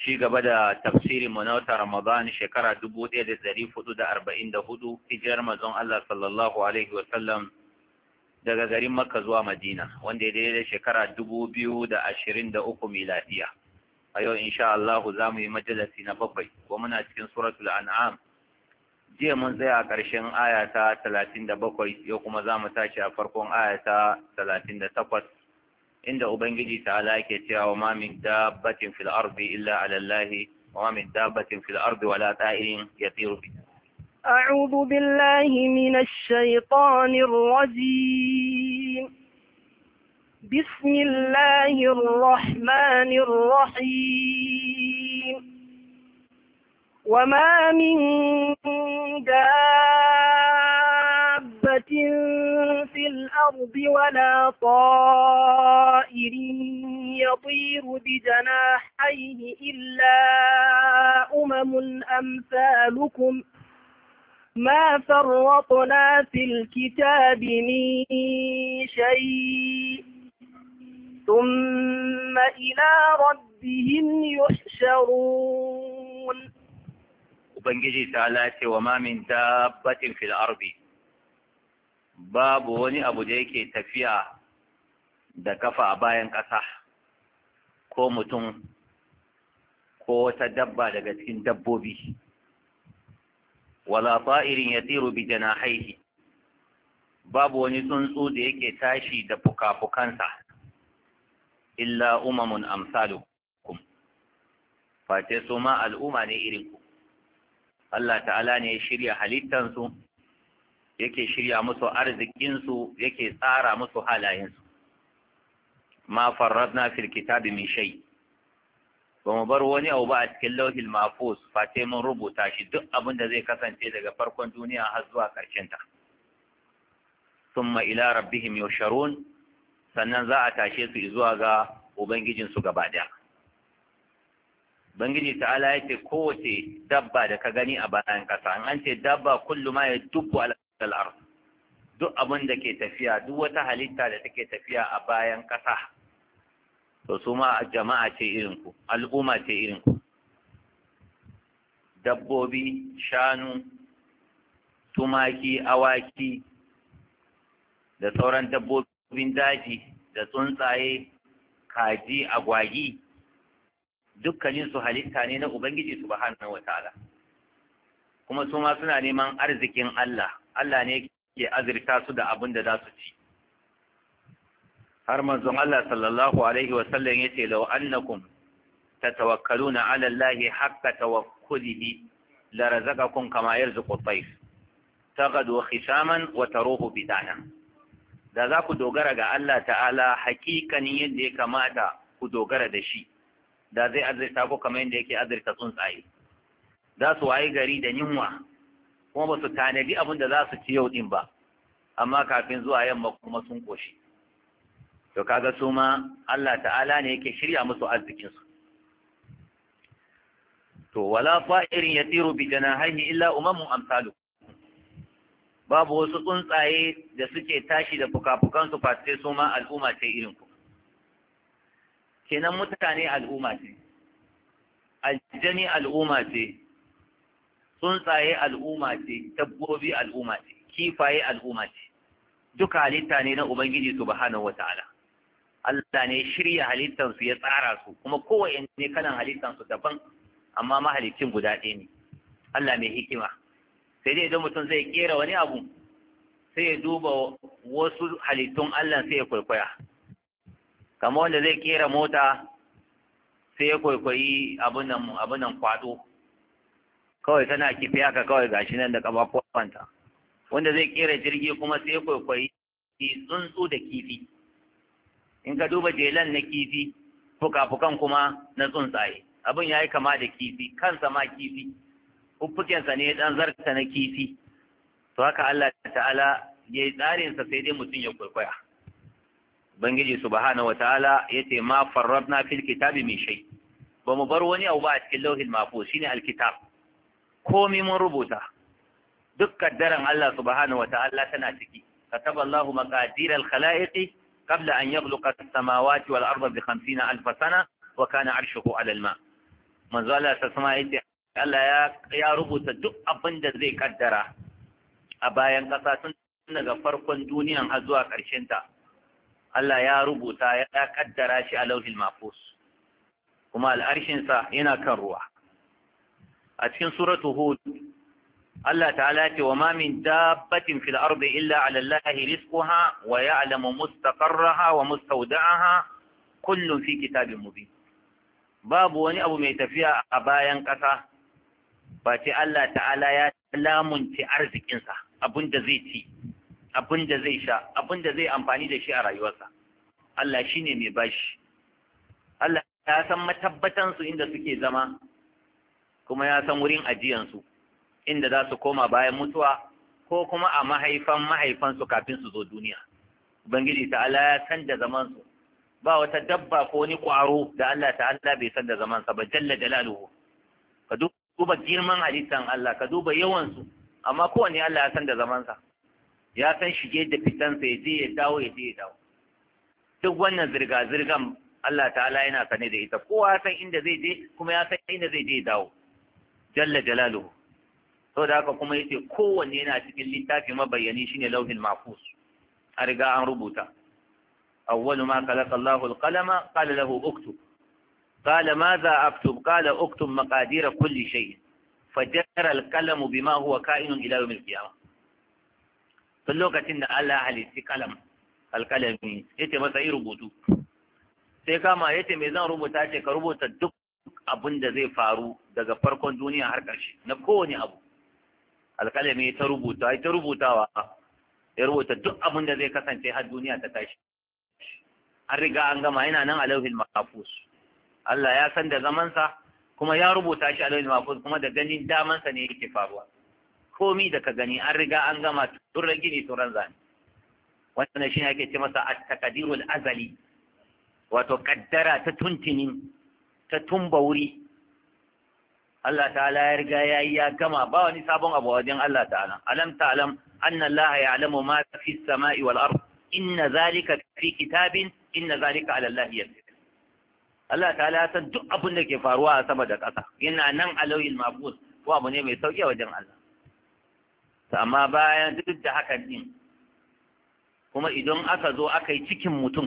ci gaba da tafsirin mu Ramadan shekara 1444 hijirar mazan Allah sallallahu alaihi wa sallam daga garin Makka zuwa Madina wanda ya daidai da shekara 2023 miladiya a yau insha Allah za mu yi majalisi na babbai, ko muna cikin suratul an'am jiya mun tsaya a ƙarshen aya ta 37 yau kuma za mu tashi a farkon aya ta 38 عند أبنجي تعالى كتير وما من دابة في الأرض إلا على الله وما من دابة في الأرض ولا تائر يطير فيها أعوذ بالله من الشيطان الرجيم بسم الله الرحمن الرحيم وما من دابة ولا طائر يطير بجناحيه إلا أمم أمثالكم ما فرطنا في الكتاب من شيء ثم إلى ربهم يحشرون وبنجي تعالى وما من دابة في الأرض babu wani abu da yake tafiya da kafa a bayan ƙasa ko mutum ko wata dabba daga cikin dabbobi wala irin ya tsiru bi haihi. babu wani tsuntsu da yake tashi da fuka-fukansa illa umamun amsalukum face su ma al'umma ne irin Allah ta'ala ne ya shirya halittansu yake shirya musu arzikinsu yake tsara musu halayensu ma farradna fil kitabi min shay ba mu bar wani abu ba a cikin lauhil mafus face mun rubuta shi duk abin da zai kasance daga farkon duniya har zuwa ƙarshen ta summa ila rabbihim yusharun sannan za a tashe su zuwa ga ubangijinsu gaba daya Bangiji ta'ala ya ce kowace dabba da ka gani a bayan kasa an ce dabba kullu ma ya dubbu ala dalar duk abin da ke tafiya duk wata halitta da take tafiya a bayan ƙasa to su ma jama'a ce irin ku al'umma ce irin ku dabbobi shanu tumaki awaki da sauran dabbobin daji da tsuntsaye kaji agwagi dukkanin su halitta ne na ubangiji subhanahu ta'ala kuma su ma suna neman arzikin Allah Allah ne ke azirta su da abin da za su ci har manzon Allah sallallahu alaihi wa sallam yace law annakum tatawakkaluna ala Allahi haqqa tawakkulihi la razaqakum kama yarzuqu at-tayr taghdu khisaman wa taruhu bidana da za ku dogara ga Allah ta'ala hakikanin yadda ya kamata ku dogara da shi da zai azirta ku kamar yadda yake azirta tsuntsaye za su waye gari da yunwa kuma ba su tanadi abin da za su ci yau din ba amma kafin zuwa yamma kuma sun koshi to kaga su ma Allah ta'ala ne yake shirya musu arzikin su to wala fa'irin yatiru bi janahihi illa umamun amsalu babu wasu tsuntsaye da suke tashi da fukafukan su sai su ma al'umma ce irin ku kenan mutane al'umma ce aljani al'umma ce tsuntsaye al'umma ce dabbobi al'umma ce kifaye al'umma ce duka halitta ne na ubangiji subhanahu wata'ala Allah ne shirya halittar su ya tsara su kuma kowanne ne kalan halittansu su daban amma mahalicin guda ɗaya ne Allah mai hikima sai dai idan mutum zai kera wani abu sai ya duba wasu halittun Allah sai ya kwaikwaya kamar wanda zai kera mota sai ya kwaikwayi nan kwado kawai tana kifi haka kawai gashi nan da kafafuwanta wanda zai kera jirgi kuma sai kwaikwayi tsuntsu da kifi in ka duba jelan na kifi fukafukan kuma na tsuntsaye abin ya yi kama da kifi kansa ma kifi uffukensa ne dan zarta na kifi to haka Allah ta'ala ya yi tsarinsa sai dai mutum ya kwaikwaya Ubangiji subhanahu wa ta'ala ya ce ma farrabna fil kitabi min shay ba mu bar wani abu ba a cikin lauhin mafus shine alkitab komi mun rubuta duk kaddaran Allah subhanahu wata'ala tana ciki kataba Allah maqadir al-khalaiqi qabla an yakhluqa as-samawati wal arda bi 50 sana wa kana 'arshuhu 'ala al-ma manzo Allah ta sama yace Allah ya ya rubuta duk abin da zai kaddara a bayan kasa tun daga farkon duniyan har zuwa ƙarshen ta Allah ya rubuta ya kaddara shi a lauhil mahfuz kuma al'arshinsa yana kan ruwa a cikin suratu hud Allah ta'ala ce wa ma min dabbatin fil ardi illa 'ala Allahi rizquha wa ya'lamu mustaqarraha wa mustawda'aha kullun fi kitabin mubin babu wani abu mai tafiya a bayan ƙasa ba ce Allah ta'ala ya lamunce arzikinsa abinda zai ci abinda zai sha abinda zai amfani da shi a rayuwarsa Allah shine mai bashi Allah ya san su inda suke zama kuma ya san wurin ajiyansu inda za su koma bayan mutuwa ko kuma a mahaifan mahaifansu kafin su zo duniya ubangiji ta'ala ya san da zamansu ba wata dabba ko wani ƙwaro da Allah ta'ala bai san da zamansa ba jalla jalaluhu ka duba girman halittan Allah ka duba yawansu amma kowane Allah ya san da zamansa ya san shige da fitansa ya je ya dawo ya je ya dawo duk wannan zirga-zirgan Allah ta'ala yana sane da ita kowa ya san inda zai je kuma ya san inda zai je ya dawo jalla jalaluhu to da haka kuma yace kowanne yana cikin littafi mabayyani shine lauhin mahfuz a riga an rubuta awwalu ma khalaqa Allahu al-qalama qala lahu uktub qala madha aktub qala uktub maqadir kulli shay Fajar, al-qalamu bima huwa ka'inun ila yawm al-qiyamah tun lokacin da Allah halitti kalam alkalami yace masa yi rubutu sai kama yace me zan rubuta ce ka rubuta duk abin da zai faru daga farkon duniya har ƙarshe na kowane abu alƙalami ta rubuta ta rubutawa ya rubuta duk abin da zai kasance har duniya ta tashi an riga an gama yana nan a mafus Allah ya san da zamansa kuma ya rubuta shi alauhin mafus kuma da ganin damansa ne yake faruwa komi da ka gani an riga an gama turan gini turan zane wannan shi ake ce masa a takadirul azali wato kaddara ta tuntunin ta tumba wuri Allah ta'ala ya riga ya yi ya gama ba wani sabon abu wajen Allah ta'ala alam ta'lam anna Allah ya'lamu ma fi samai wal ard inna zalika fi kitabin inna zalika ala Allah yasir Allah ta'ala ya san duk abin da ke faruwa a sama da ƙasa yana nan alawil mabus ko abu ne mai sauki wajen Allah amma bayan duk da hakan din kuma idan aka zo aka yi cikin mutum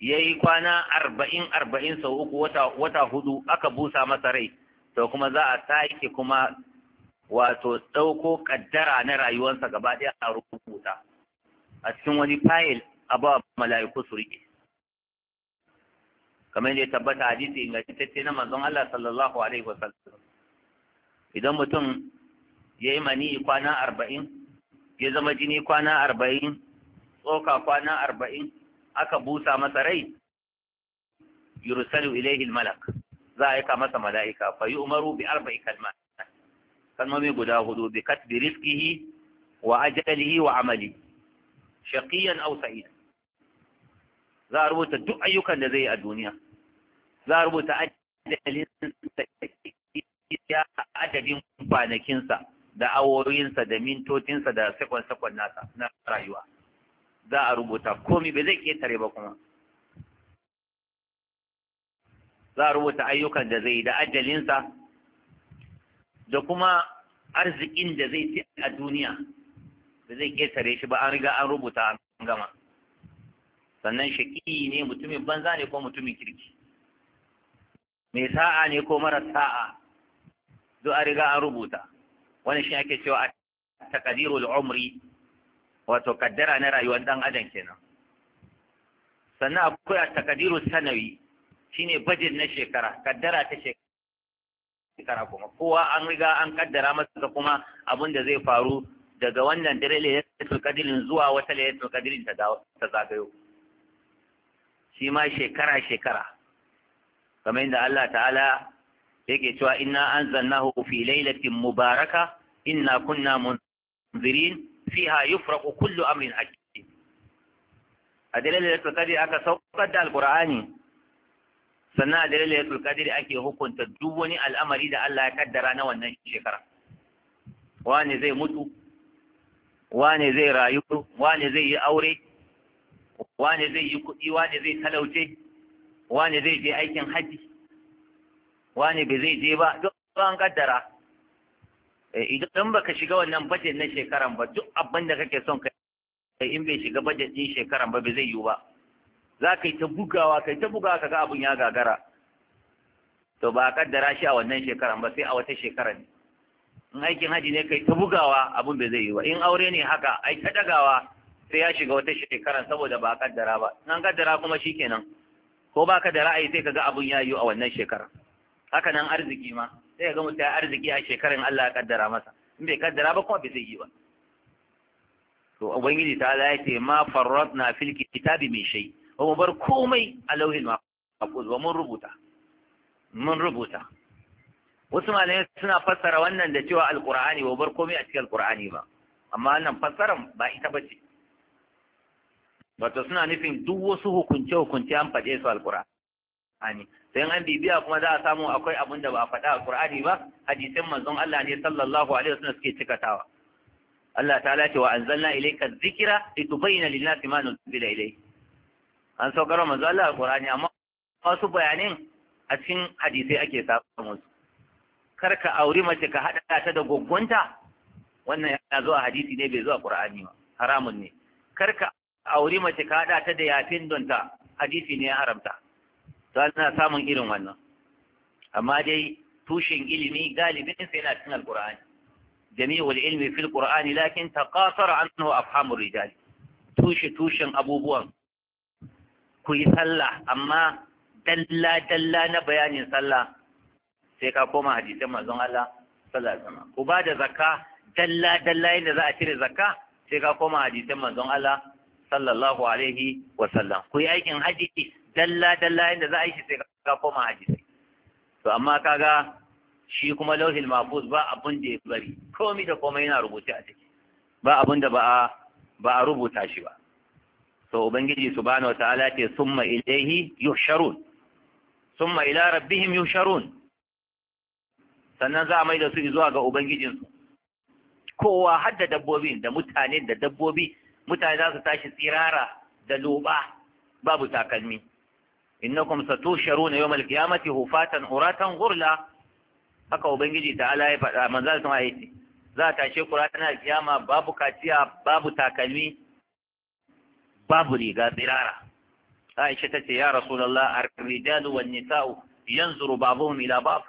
ya yi kwana arba'in arba'in sau uku wata hudu aka busa masa rai to kuma za a sake kuma wato ɗauko ƙaddara na rayuwarsa gaba ɗaya a rubuta a cikin wani fayil a ba mala'iku su riƙe. kamar yadda ya tabbata hadisi ingantacce na manzon Allah sallallahu alaihi wasallam idan mutum ya yi mani kwana arba'in ya zama jini kwana arba'in tsoka kwana arba'in aka busa masa rai yursalu ilayhi almalak za a aika masa mala'ika fa yu'maru bi arba'i kalmat kalmomi guda hudu bi katbi rizqihi wa ajalihi wa amali shaqiyan aw sa'id za a rubuta duk ayyukan da zai yi a duniya za a rubuta adadin kwanakinsa da awoyinsa da mintocinsa da sekon-sekon nasa na rayuwa za a rubuta komi ba zai ketare ba kuma za a rubuta ayyukan da zai da ajalinsa da kuma arzikin da zai ci a duniya ba zai ketare shi ba an riga an rubuta an gama sannan shaƙi ne mutumin banza ne ko mutumin kirki mai sa'a ne ko mara sa'a duk an riga an rubuta wani shi ake cewa a takadiru umri wato kaddara na rayuwar dan adam kenan sannan akwai takadiru sanawi shine budget na shekara kaddara ta shekara kuma kowa an riga an kaddara masa kuma abin da zai faru daga wannan dare laylatul kadirin zuwa wata laylatul qadrin ta ta zagayo shi ma shekara shekara kamar yadda Allah ta'ala yake cewa inna anzalnahu fi lailatin mubaraka inna kunna munzirin fiha yufraku kullu amrin hakim a dalilin kadiri aka saukar da alqur'ani sannan a dalilin kadiri ake hukunta duk wani al'amari da Allah ya kaddara na wannan shekara wane zai mutu wane zai rayu wane zai yi aure wane zai yi kuɗi wane zai talauce wane zai je aikin haji wane bai zai je ba duk an kaddara Eh, idan baka shiga wannan budget na shekaran ba duk abin da kake son ka in bai shiga budget din shekaran ba bai zai yiwu ba za ka yi ta bugawa ka yi ta bugawa ka ga abun ya gagara to ba a kaddara shi a wannan shekaran ba sai a wata shekaran ne in aikin haji ne kai ta bugawa abun bai zai yi ba in aure ne haka ai ta dagawa sai ya shiga wata shekaran saboda ba a kaddara ba in an kaddara kuma shikenan ko ba ka da ra'ayi sai kaga abun ya yi a wannan shekaran haka nan arziki ma sai ga mutum arziki a shekarun Allah ya kaddara masa in bai kaddara ba kuma bai zai yi ba to ubangiji ta Allah ya ce ma na fil kitabi min shay ba mu bar komai a lauhil mahfuz ba mun rubuta mun rubuta wasu malamai suna fassara wannan da cewa alqur'ani ba bar komai a cikin alqur'ani ba amma wannan fassaran ba ita ba ce wato suna nufin duk wasu hukunce hukunce an faɗe su alqur'ani sai an bibiya kuma za a samu akwai abin da ba a faɗa a Qur'ani ba hadisin manzon Allah ne sallallahu alaihi wasallam suke cikatawa Allah ta ce wa anzalna ilayka dhikra litubayyana lin-nasi ma nuzila ilayhi an saukar manzon Allah Qur'ani amma wasu bayanin a cikin hadisai ake samu su kar ka auri mace ka hada ta da goggonta wannan ya zo a hadisi ne bai zo a Qur'ani ba haramun ne kar ka auri mace ka hada ta da yafin donta hadisi ne ya haramta to na samun irin wannan amma dai tushen ilimi galibin sai yana cikin alqur'ani jami'ul ilmi fil qur'ani lakin taqasara anhu afhamur rijal tushe tushen abubuwan ku yi sallah amma dalla dalla na bayanin sallah sai ka koma hadisan manzon Allah sallallahu alaihi ku ba da zakka dalla dalla yadda za a cire zakka sai ka koma hadisan manzon Allah sallallahu alaihi wa sallam. ku yi aikin haji dalla dalla inda za a yi shi sai ka koma hadisi to amma kaga shi kuma lauhil mahfuz ba abun da ya bari komai da komai yana rubuce a ciki ba abun da ba a ba a rubuta shi ba to ubangiji subhanahu wataala ce summa ilaihi yuhsharun summa ila rabbihim yuhsharun sannan za a mai da su zuwa ga ubangijinsu kowa har da dabbobi da mutane da dabbobi mutane za su tashi tsirara da loba babu takalmi innakum satusharuna yawmal qiyamati hufatan uratan ghurla haka ubangiji ta ala ya faɗa manzo sun ayi za ta tashe ku ranar kiyama babu kaciya babu takalmi babu riga tsirara Aisha tace ya Rasulullah ar-rijalu wan nisa'u yanzuru ba'dhum ila ba'd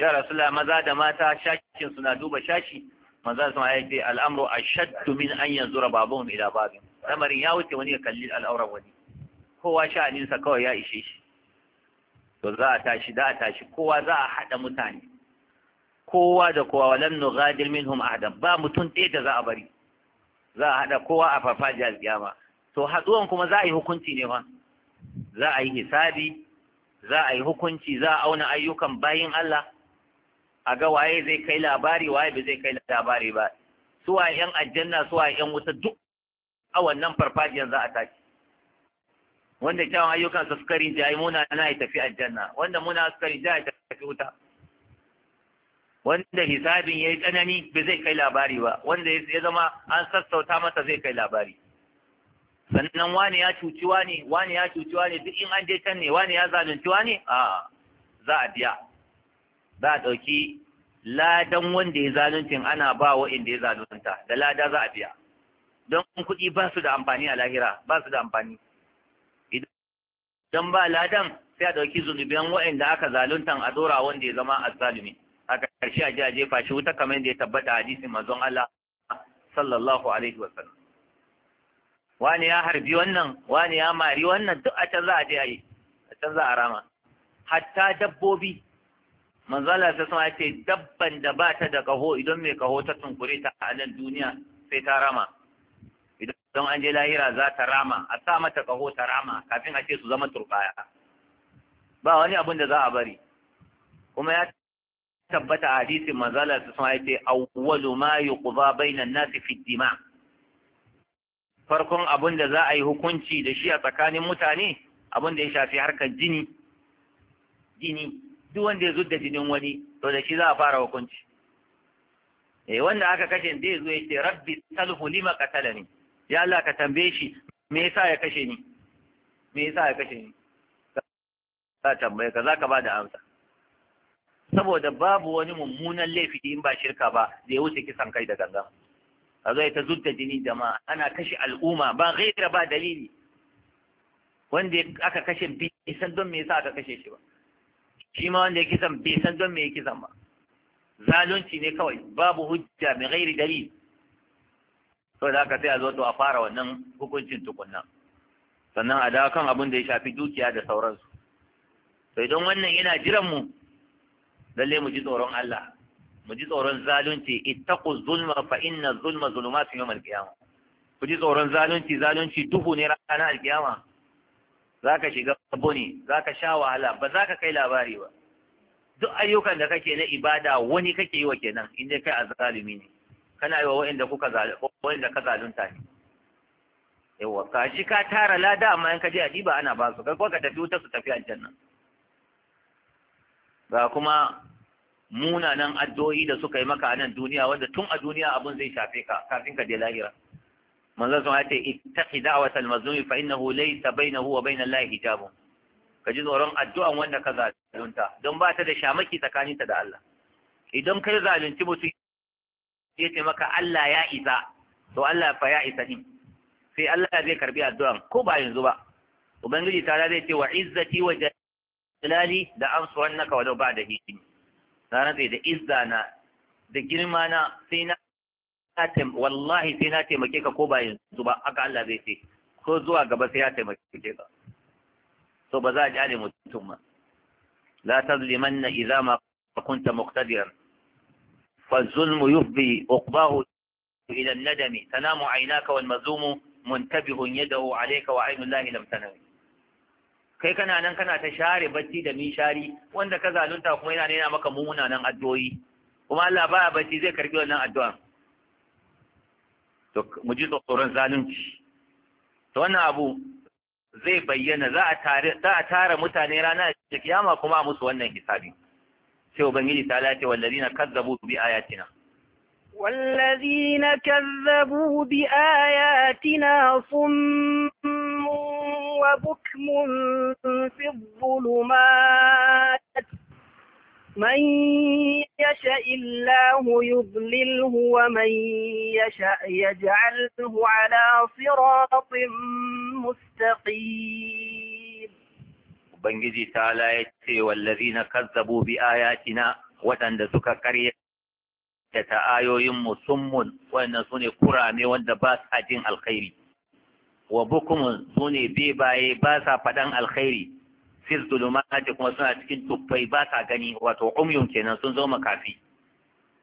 ya Rasulullah maza da mata shakin suna duba shashi manzo sun ayi ce al'amru ashaddu min an yanzura ba'dhum ila ba'd lamarin ya wuce wani ya kalli al'auran wani kowa sha'aninsa kawai ya ishe shi to za a tashi za a tashi kowa za a haɗa mutane kowa da kowa walam nughadir minhum ahadan ba mutum ɗaya da za a bari za a haɗa kowa a farfajiyar kiyama to haɗuwan kuma za a yi hukunci ne ma. za a yi hisabi za a yi hukunci za a auna ayyukan bayin Allah a ga waye zai kai labari waye ba zai kai labari ba suwa yan aljanna suwa yan wuta duk a wannan farfajiyar za a tashi wanda kyawun ayyukan su suka rinja ai muna na ya tafi aljanna wanda muna suka rinja ya tafi wuta wanda hisabin ya yi tsanani ba zai kai labari ba wanda ya zama an sassauta masa zai kai labari sannan wani ya cuci wani wani ya cuci wani duk in an je can ne wani ya zalunci wani a za a biya za a ɗauki ladan wanda ya zaluncin ana ba wa inda ya zalunta da lada za a biya don kuɗi ba su da amfani a lahira ba su da amfani Don ba ladan sai a ɗauki zunuban waɗanda aka zaluntan a dora wanda ya zama azzalumi a ƙarshe a ƙarshe a jefa shi wuta kamar da ya tabbata hadisin manzon Allah sallallahu alaihi wa sallam wani ya harbi wannan wani ya mari wannan duk a can za a je a yi a can za a rama hatta dabbobi Manzala Allah sai sama ce dabban da ba ta da kaho idan mai kaho ta tunkure ta a nan duniya sai ta rama don an je lahira za ta rama a sa mata kaho ta rama kafin a ce su zama turbaya ba wani abin da za a bari kuma ya tabbata a hadisin manzala su sun haife awwalu ma yuqza bainan nasi fi dima farkon abin da za a yi hukunci da shi a tsakanin mutane abin da ya shafi harkar jini jini duk wanda ya zudda jinin wani to da shi za a fara hukunci eh wanda aka kashe zai zo ya ce rabbi salhu lima qatalani ya Allah ka tambaye shi me yasa ya kashe ni me yasa ya kashe ni ka tambaye ka zaka ba da amsa saboda babu wani mummunan laifi in ba shirka ba da ya wuce kisan kai da ganga a zai ta zudda jini jama'a ana kashe al'umma ba ghaira ba dalili wanda aka kashe bi san don me yasa aka kashe shi ba shi ma wanda ya kisan bi san don me ya kisan ba zalunci ne kawai babu hujja mai ghairi dalili so da aka sai a zo to a fara wannan hukuncin tukunna sannan a dawo kan abin da ya shafi dukiya da sauransu to idan wannan yana jiran mu lalle mu ji tsoron Allah mu ji tsoron zalunci ittaqu zulma fa inna zulma zulumatun yawm al-qiyama ku ji tsoron zalunci zalunci duhu ne ranar al-qiyama zaka shiga bone zaka sha wahala ba zaka kai labari ba duk ayyukan da kake na ibada wani kake yi wa kenan in dai kai azalimi ne kana yi wa wa'inda kuka wa'inda ka zalunta ne yawa ka shi ka tara lada amma in ka je adiba ana ba su kai ka tafi wuta su tafi aljanna ga kuma munanan addu'o'i da suka yi maka a nan duniya wanda tun a duniya abun zai shafe ka kafin ka je lahira manzon sun ce ittaqi da'wat al-mazlum fa innahu laysa bainahu wa bain Allah hijab ka ji tsoron addu'an wanda ka zalunta don ba ta da shamaki tsakaninta da Allah idan kai zalunci mutum sai ce maka Allah ya isa to Allah fa ya isa din sai Allah zai karbi addu'an ko ba yanzu ba ubangiji ta zai ce wa izzati wa jalali da amsuwannaka walau ba da hikimi na rantsa da izza na da girma na sai na wallahi sai na taimake ka ko ba yanzu ba aka Allah zai ce ko zuwa gaba sai ya taimake ka to ba za a ji mutum ba la tazlimanna idza ma kunta muqtadiran فالظلم يفضي أقباه إلى الندم تنام عيناك والمظلوم منتبه يده عليك وعين الله لم تنوي kai kana nan kana ta share bacci da shari. wanda ka zalunta kuma yana nuna maka nan addu'o'i kuma Allah baya bacci zai karbi wannan addu'a to mu ji tsoron zalunci to wannan abu zai bayyana za a tare za a tara mutane rana da kiyama kuma a musu wannan hisabi sai ubangiji ta lati wallazina kazzabu والذين كذبوا بآياتنا صم وبكم في الظلمات من يشاء الله يضلله ومن يشاء يجعله على صراط مستقيم ubangiji ta ya ce na kazzabu bi ayatina waɗanda suka karye da ta ayoyin musummun su ne kurame wanda ba sa jin alkhairi wa bukumun sune bebaye ba sa faɗan alkhairi fi zulumati kuma suna cikin tuffai ba sa gani wato umyun kenan sun zo makafi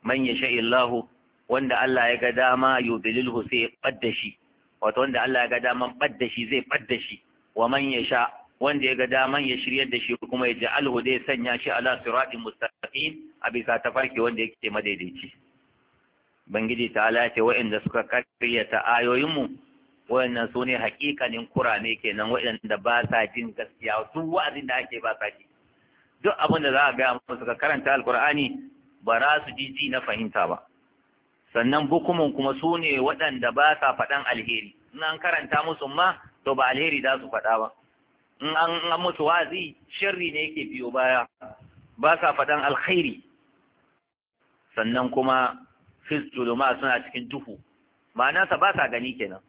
man yasha illahu wanda Allah ya ga dama yudlilhu sai ya badda shi wato wanda Allah ya ga dama badda shi zai badda shi wa man yasha wanda ya ga daman ya shiryar da shi kuma ya ja'alhu dai sanya shi ala siratin mustaqim a bisa tafarki wanda yake madaidaici bangiji ta ala ce wa'anda suka karyata ayoyinmu wa'annan su ne hakikanin kurame kenan wa'anda ba sa jin gaskiya duk wa'azin da ake ba sa ji duk abin da za a gaya musu ka karanta alkur'ani ba za su ji ji na fahimta ba sannan bukumun kuma su ne waɗanda ba sa faɗan alheri in an karanta musu ma to ba alheri za su faɗa ba in an musu wazi sharri ne yake biyo baya ba sa faɗan alkhairi sannan kuma fizzuluma suna cikin duhu ma'anarsa ba sa gani kenan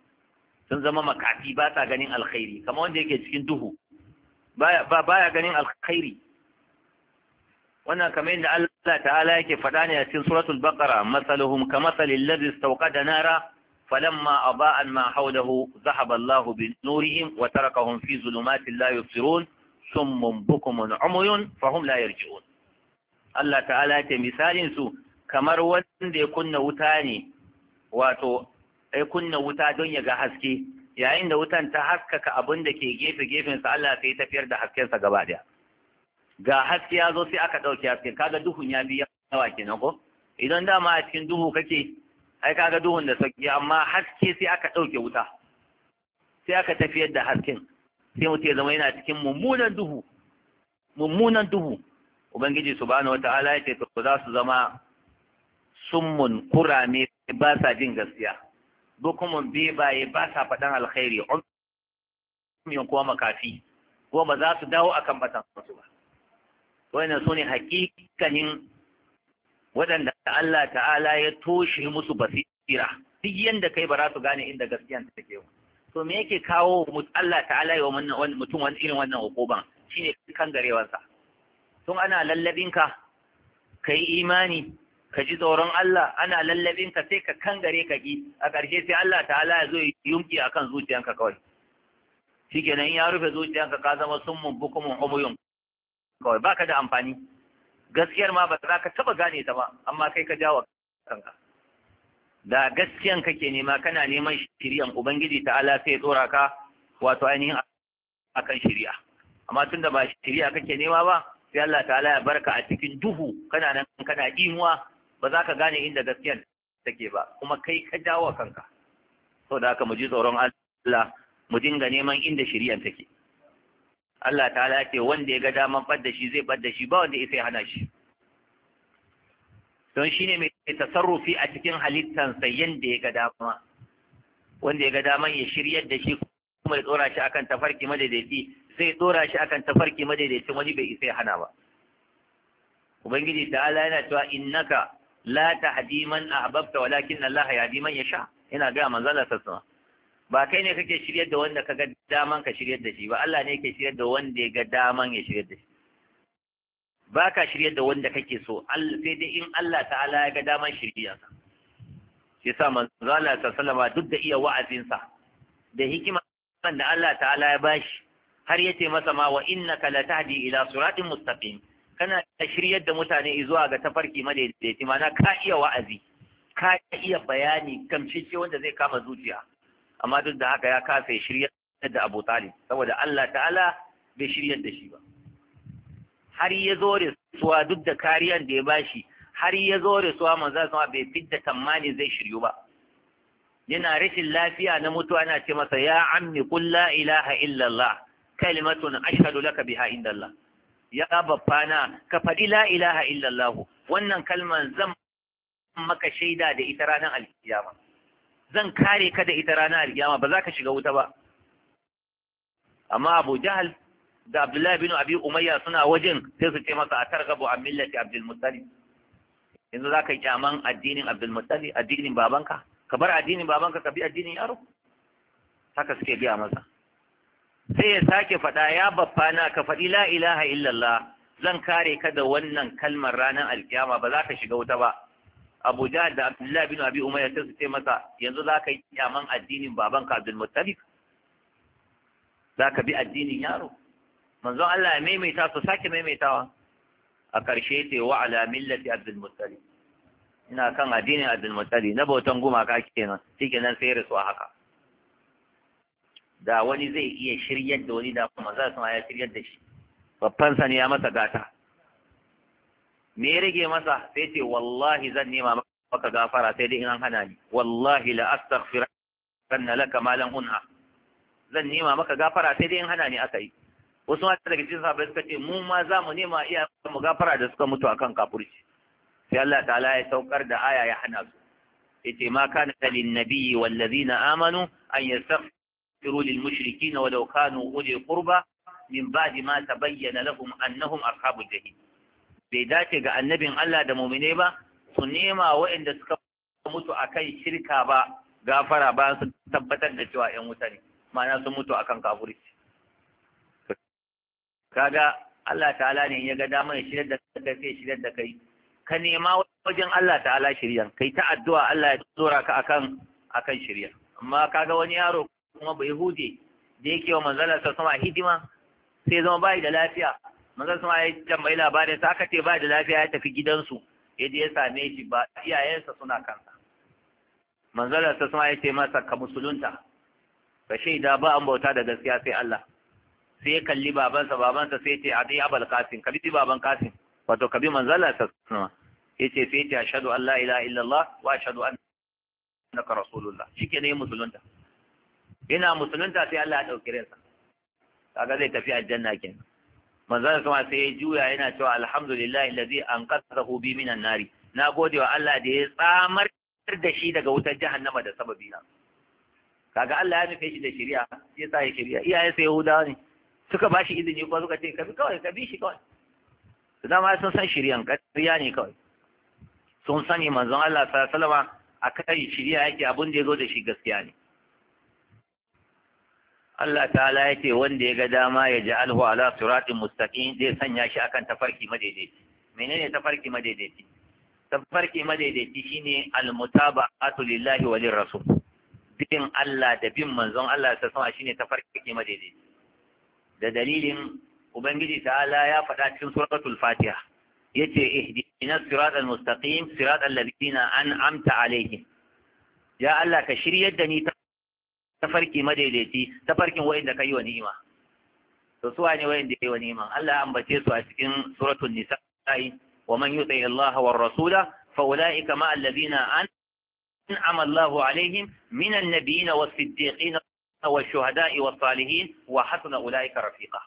sun zama makafi ba sa ganin alkhairi kamar wanda yake cikin duhu ba baya ganin alkhairi wannan kamar yadda Allah ta'ala yake faɗa ne a cikin suratul baqara masaluhum kamathalil ladhi istawqada nara فلما أضاء ما حوله ذهب الله بنورهم وتركهم في ظلمات لا يبصرون ثم بكم عمي فهم لا يرجعون الله تعالى مثال سو kamar wanda ya kunna wuta ne wato ya kunna wuta don ya ga haske yayin da wutan ta haskaka abin da ke gefe gefensa Allah sai tafiyar da haskensa gaba daya ga haske ya zo sai aka ɗauke haske, kaga duhun ya biya yawa kenan ko idan dama a cikin duhu kake ai kaga duhun da sauki amma haske sai aka ɗauke wuta sai aka tafiyar da hasken sai mutum ya zama yana cikin mummunan duhu mummunan duhu ubangiji subhanahu wataala ya ce to za su zama summun kurame ba sa jin gaskiya bukumun bebaye ba sa faɗan alkhairi umin kuma makafi kuma ba za su dawo akan kan su ba wannan su ne hakikanin waɗanda da Allah ta'ala ya toshe musu basira duk yanda kai ba za su gane inda gaskiyan ta take to me yake kawo Allah ta'ala ya wannan mutum wani irin wannan hukuban shine kan garewansa tun ana lallabin ka kai imani ka ji tsoron Allah ana lallabin ka sai ka kan gare ka ki a ƙarshe sai Allah ta'ala ya zo ya yumki akan zuciyanka kawai shikenan ya rufe zuciyanka ka zama summun bukumun umuyun kawai baka da amfani gaskiyar ma ba za ka taba gane ta ba amma kai ka jawo kanka da gaskiyan kake nema kana neman shiriyan ubangiji ta ala sai tsora ka wato ainihin akan shiriya amma da ba shiriya kake nema ba sai Allah ta'ala ya barka a cikin duhu kana nan kana imuwa ba za ka gane inda gaskiyan take ba kuma kai ka jawo kanka saboda haka mu ji tsoron Allah mu dinga neman inda shiriyan take Allah ta'ala ce wanda ya ga daman fadda shi zai fadda shi ba wanda ya hana shi don shine mai tasarrufi a cikin halittansa da ya ga dama wanda ya ga daman ya shirya da shi kuma ya tsora shi akan tafarki madaidaiti sai tsora shi akan tafarki madaidaicin wani bai isa ya hana ba ubangiji ta'ala yana cewa innaka la tahdi man ahbabta walakin Allah ya man yasha ina ga manzon Allah sallallahu ba kai ne kake shiryar da wanda ka ga daman ka shiryar da shi ba Allah ne yake shiryar da wanda ya ga daman ya shiryar da shi ba ka shiryar da wanda kake so sai dai in Allah ta'ala ya ga daman shirya sa shi sa manzo Allah sallama duk da iya wa'azinsa da hikima da Allah ta'ala ya bashi har yace masa ma wa innaka latahdi ila siratin mustaqim kana shiryar da mutane zuwa ga tafarki madaidaiti mana ka iya wa'azi ka iya bayani kamshishe wanda zai kama zuciya amma duk da haka ya kafe shirya da Abu Talib saboda Allah ta'ala bai shiryar da shi ba har ya zo suwa duk da kariyar da ya bashi har ya zo rasuwa manzo sama bai fidda tammani zai shiryu ba yana rashin lafiya na mutuwa ana ce masa ya ammi qul la ilaha illa Allah kalimatun ashhadu laka biha inda Allah ya babbana ka faɗi la ilaha illa Allah wannan kalman zan maka shaida da ita ranar alkiyama zan kare ka da ita ranar alkiyama ba za ka shiga wuta ba amma abu jahal da abdullahi bin abi umayya suna wajen sai su ce masa a targabu a millati abdul yanzu za ka kyaman addinin abdul addinin babanka ka bar addinin babanka ka bi addinin yaro haka suke biya masa sai ya sake faɗa ya baffa na ka faɗi la ilaha illallah zan kare ka da wannan kalmar ranar alkiyama ba za ka shiga wuta ba abu jahal da abdullahi bin abi umayya sai su ce masa yanzu za ka yi kiyaman addinin baban ka abdul muttalib za ka bi addinin yaro manzon Allah ya maimaita su sake maimaitawa a ƙarshe ce wa ala millati abdul muttalib ina kan addinin abdul muttalib na bautan gumaka kenan nan sai rasu haka da wani zai iya shiryar da wani da manzon Allah ya shiryar da shi babban sani ya masa gata me ya rage masa sai ce wallahi zan nema maka gafara sai dai in an hana ni wallahi la astaghfiranna laka ma lam unha zan nema maka gafara sai dai in hana ni aka yi wasu mata daga cikin sahabbai suka ce mu ma za mu nema iya mu gafara da suka mutu akan kafirci sai Allah ta'ala ya saukar da aya ya hana su yace ma kana lin nabiyyi wal ladina amanu an yastaghfiru lil mushrikeena walau kanu uli qurba min ba'di ma tabayyana lahum annahum ashabul jahim bai dace ga annabin Allah da mumine ba su nema waɗanda suka mutu akan shirka ba gafara bayan su tabbatar da cewa ‘yan wuta ne ma'ana sun mutu akan kafuri kaga Allah ta'ala ne ya ga damar shirya da kai sai shirya da kai ka nema wajen Allah ta'ala shirya kai ta addu'a Allah ya tsora ka akan akan shirya amma kaga wani yaro kuma bai huje da yake wa manzala sa sama hidima sai zama bai da lafiya manzon sama ya tambayi labarin sa aka ce ba da lafiya ya tafi gidansu ya je ya same shi ba iyayensa suna kansa manzon sa ya ce masa ka musulunta ka shaida ba an bauta da gaskiya sai Allah sai ya kalli babansa babansa sai ce a dai abal kasim ka bi baban kasim wato ka bi manzon sa ya ce sai ce a an la ilaha illallah wa na annaka rasulullah shike ne musulunta Ina musulunta sai Allah ya dauki ransa kaga zai tafi aljanna kenan manzon kuma sai ya juya yana cewa alhamdulillah allazi anqathahu bi minan nari na gode wa Allah da ya tsamar da shi daga wutar jahannama da sababi na kaga Allah ya nufe shi da shari'a ya sa shari'a iyaye sai Yahudawa ne suka ba shi izini ko suka ce ka bi kawai ka bi shi kawai su ma sun san shari'an ƙarya ne kawai sun sani manzon Allah sallallahu alaihi wasallam akan shari'a yake abin da ya zo da shi gaskiya ne Allah ta'ala ya ce wanda ya ga dama ya ji alhu ala suratin mustaqim zai sanya shi akan tafarki madaidaici menene tafarki madaidaici tafarki madaidaici shine almutaba'atu lillahi wa lirrasul bin Allah da bin manzon Allah ta sama ne tafarki madaidaici da dalilin ubangiji ta'ala ya faɗa cikin suratul fatiha yace ihdinas siratal mustaqim siratal ladina an'amta alaihim ya Allah ka shiryar da ni ta. tafarki madaidaici tafarkin wayanda kai wa ni'ima to su ne wayanda kai wa ni'ima Allah ya ambace su a cikin suratul nisa wa man yuti Allah war rasula fa ulaika ma alladhina an an'ama Allahu alaihim minan nabiyina was siddiqina was shuhada'i was salihin wa hasuna ulaika rafiqa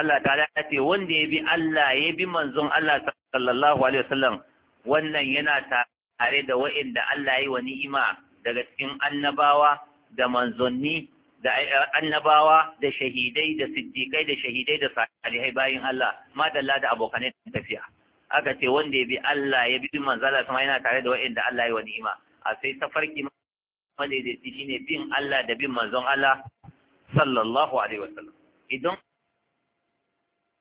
Allah ta'ala ya ce wanda ya bi Allah ya bi manzon Allah sallallahu alaihi wasallam wannan yana tare da wa'inda Allah ya yi wa ni'ima daga cikin annabawa da manzanni da annabawa da shahidai da siddiƙai da shahidai da salihai bayin Allah madalla da abokanai tafiya aka ce wanda ya bi Allah ya bi manzala kuma yana tare da wa'inda Allah ya wa ni'ima a sai tafarki madaidaiti shine bin Allah da bin manzon Allah sallallahu alaihi wasallam idan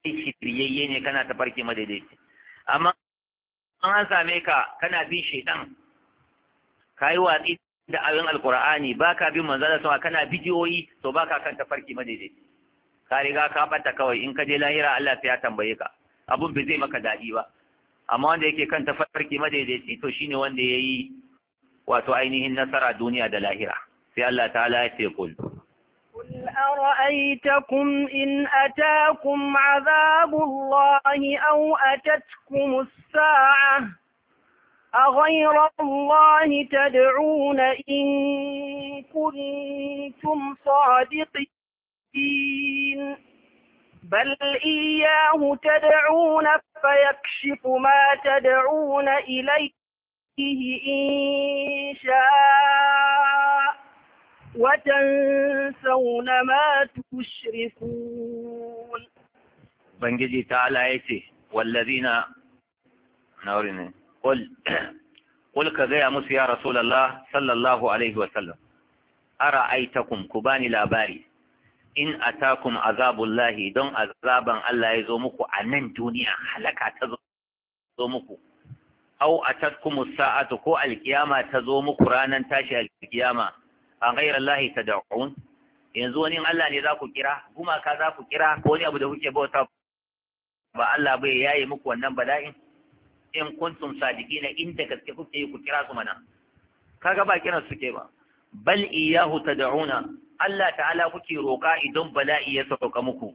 shiryayye ne kana tafarki ma madaidaiti amma an same ka kana bin shaitan kai yi watsi da ayoyin alkur'ani baka bin da sama kana bidiyoyi to baka kan tafarki madaidai ka riga ka ɓata kawai in ka je lahira Allah sai ya tambaye ka abun bai zai maka daɗi ba amma wanda yake kan tafarki madaidaici to shine wanda ya yi wato ainihin nasara duniya da lahira sai Allah ta'ala ya ce kul قل أرأيتكم إن أتاكم عذاب الله أو أتتكم الساعة أغير الله تدعون إن كنتم صادقين بل إياه تدعون فيكشف ما تدعون إليه إن شاء وتنسون ما تشركون بنجي تعالى ايتي والذين نوريني qul qul ka gaya musu ya rasulullah sallallahu alaihi wa sallam ara'aitakum ku bani labari in atakum azabullahi don azaban Allah ya zo muku a nan duniya halaka ta zo muku au atatkum sa'atu ko alkiyama ta zo muku ranan tashi alkiyama a ghairallahi tad'un yanzu wani Allah ne za ku kira gumaka za ku kira ko wani abu da kuke bauta ba Allah bai yaye muku wannan bala'in in kuntum sadiqina inda gaske kuke yi ku kira su mana kaga ba kiran suke ba bal iyahu tad'una Allah ta'ala kuke roka idan bala'i ya sauka muku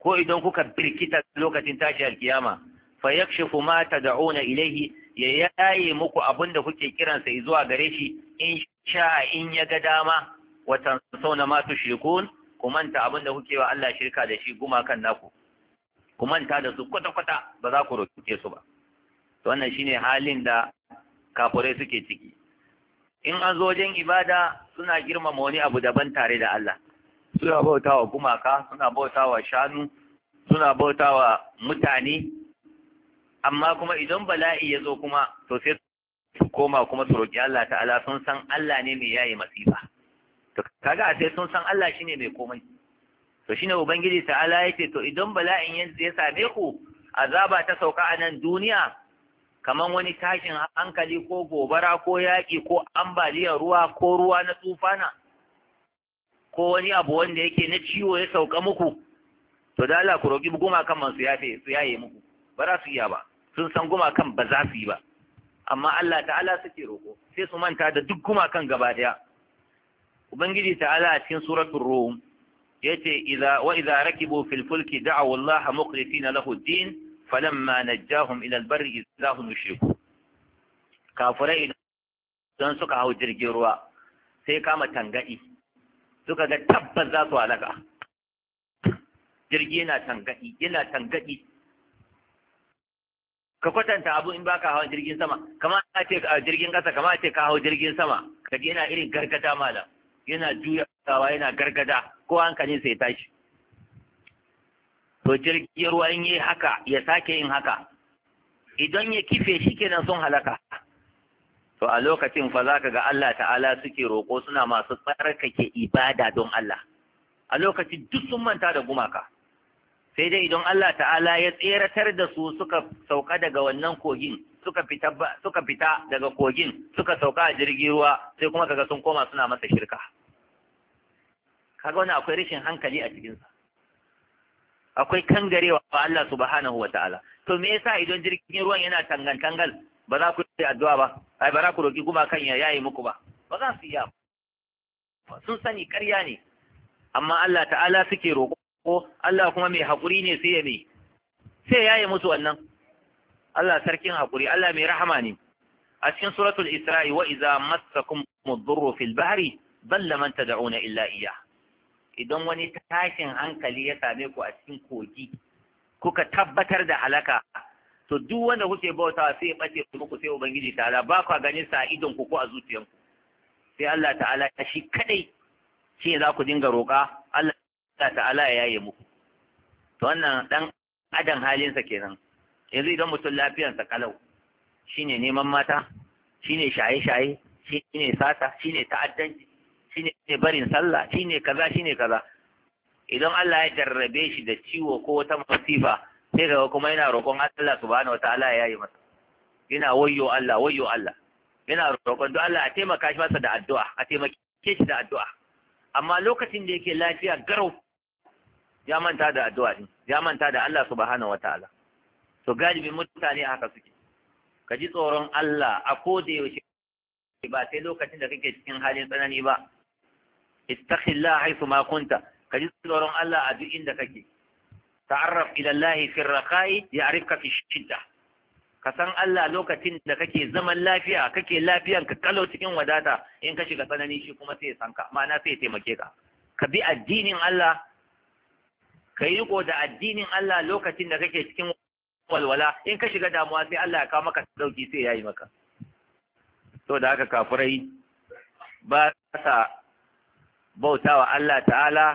ko idan kuka birkita lokacin tashi alkiyama fa yakshifu ma tad'una ilayhi ya yaye muku abinda kuke kiransa zuwa gare shi in sha in ya ga dama wa tansawna ma tushrikun ku manta abinda kuke wa Allah shirka da shi guma kan naku ku manta da su kwata-kwata ba za ku roke su ba to wannan shine halin da kafirai suke ciki in an zo wajen ibada suna girmama wani abu daban tare da Allah suna bautawa gumaka suna bautawa shanu suna bautawa mutane amma kuma idan bala'i ya zo kuma to sai su koma kuma su roƙi Allah ta'ala sun san Allah ne mai yayi masifa to kaga sai sun san Allah shine mai komai to shine ubangiji ta'ala yace to idan bala'in yanzu ya same ku azaba ta sauka a nan duniya Kaman wani tashin hankali ko gobara ko yaƙi ko ambaliyar ruwa ko ruwa na tsufana ko wani abu wanda yake na ciwo ya sauka muku to da Allah ku roƙi gumakan man su yafe su yaye muku ba za su iya ba sun san gumakan ba za su yi ba amma Allah ta'ala suke roƙo sai su manta da duk gumakan gaba daya ubangiji ta'ala a cikin suratul rum yace idza wa idza rakibu fil fulki da'u Allah mukhlisina lahu din falamma najjahum ila albarri izahum yushriku kafirai idan suka hau jirgin ruwa sai kama tangadi suka ga tabbas za su halaka jirgi yana tangadi yana tangadi ka kwatanta abu in baka hawa jirgin sama kama a ce a jirgin kasa kama a ce ka hau jirgin sama kaji yana irin gargada malam yana juya juyawa yana gargada ko hankalin sai tashi to jirgin ruwa in yi haka ya sake yin haka idan ya kife shi kenan sun halaka to a lokacin fa za ka ga Allah ta'ala suke roƙo suna masu tsarkake ibada don Allah a lokacin duk sun manta da gumaka sai dai idan Allah ta'ala ya tseratar da su suka sauka daga wannan kogin suka fita suka fita daga kogin suka sauka a jirgin ruwa sai kuma kaga sun koma suna masa shirka kaga wani akwai rashin hankali a cikinsa akwai kangarewa Ba Allah subhanahu wa ta'ala to me yasa idan jirgin ruwan yana tangan tangal ba za ku yi addu'a ba ai ba za ku roki kuma kan ya yayi muku ba ba za su yi ba sun sani karya ne amma Allah ta'ala suke roƙo Allah kuma mai haƙuri ne sai ya mai sai ya yi musu wannan Allah sarkin haƙuri Allah mai rahama ne a cikin suratul isra'i wa iza massakum mudurru fil bahri dalla man tad'una illa iyyah idan wani tashin hankali ya same ku a cikin kogi kuka tabbatar da halaka to duk wanda kuke bautawa sai ya bace muku sai ubangiji ala ba ku ganin sa idon ku ko a zuciyanku sai Allah ta'ala shi kadai shi za ku dinga roka Allah ta'ala ya yaye muku to wannan dan adan halinsa kenan yanzu idan mutum lafiyansa kalau shine neman mata shine shaye-shaye shine sata shine ta'addanci shine barin sallah shine kaza shine kaza idan Allah ya jarrabe shi da ciwo ko wata masifa sai ga kuma yana roƙon Allah subhanahu wataala ya yi masa yana wayyo Allah wayyo Allah yana roƙon don Allah a taimaka shi masa da addu'a a taimake shi da addu'a amma lokacin da yake lafiya garau ya manta da addu'a din ya manta da Allah subhanahu wataala to galibi mutane haka suke ka ji tsoron Allah a koda yaushe ba sai lokacin da kake cikin halin tsanani ba ittaqilla haythu ma kunta ka ji tsoron Allah a duk inda kake ta'arraf ila Allah fi raqai ya'rifka fi shidda ka san Allah lokacin da kake zaman lafiya kake lafiyan ka kalo cikin wadata in ka shiga tsanani shi kuma sai ya sanka ka ma'ana sai ya taimake ka ka bi addinin Allah ka yi riko da addinin Allah lokacin da kake cikin walwala in ka shiga damuwa sai Allah ya kawo maka dauki sai ya yi maka to da haka kafirai ba sa bautawa Allah ta'ala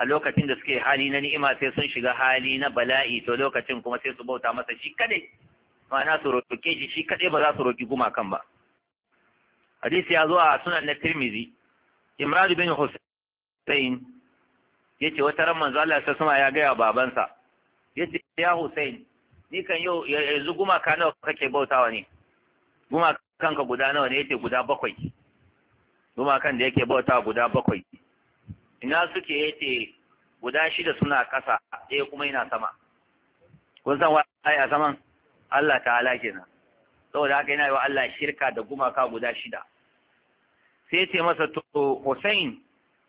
a lokacin da suke hali na ni'ima sai sun shiga hali na bala'i to lokacin kuma sai su bauta masa shi kadai ma'ana su roƙe shi shi kadai ba za su roƙi gumakan ba hadisi ya zo a sunan na Tirmizi Imran bin Hussein yace wata ran manzo Allah sai sama ya ga babansa yace ya Hussein ni kan yau yanzu gumaka nawa kake bautawa ne gumakan ka guda nawa ne yace guda bakwai gumakan da yake bauta guda bakwai ina suke yace guda shida suna ƙasa ɗaya kuma yana sama kun san ai a saman Allah ta'ala kenan saboda haka yana yi wa Allah shirka da gumaka guda shida sai ce masa to Hussein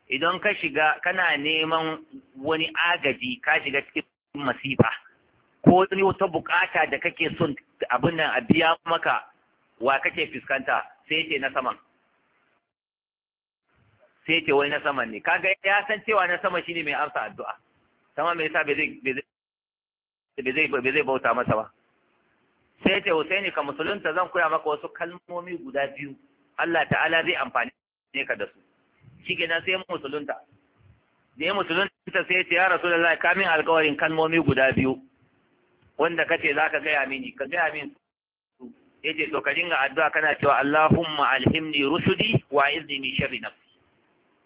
idan ka shiga kana neman wani agaji ka shiga cikin masifa ko wani wata bukata da kake son abin nan a biya maka wa kake fuskanta sai ce na saman sai ce wai na saman ne kaga ya san cewa na sama shine mai amsa addu'a sama me yasa bai zai bauta masa ba sai ce Husaini ka musulunta zan koya maka wasu kalmomi guda biyu Allah ta'ala zai amfani ne ka da su shikenan sai musulunta da ya musulunta sai ce ya rasulullahi ka min alƙawarin kalmomi guda biyu wanda kace zaka gaya mini ka gaya min yace to ka dinga addu'a kana cewa Allahumma alhimni rusudi wa izni sharri nafsi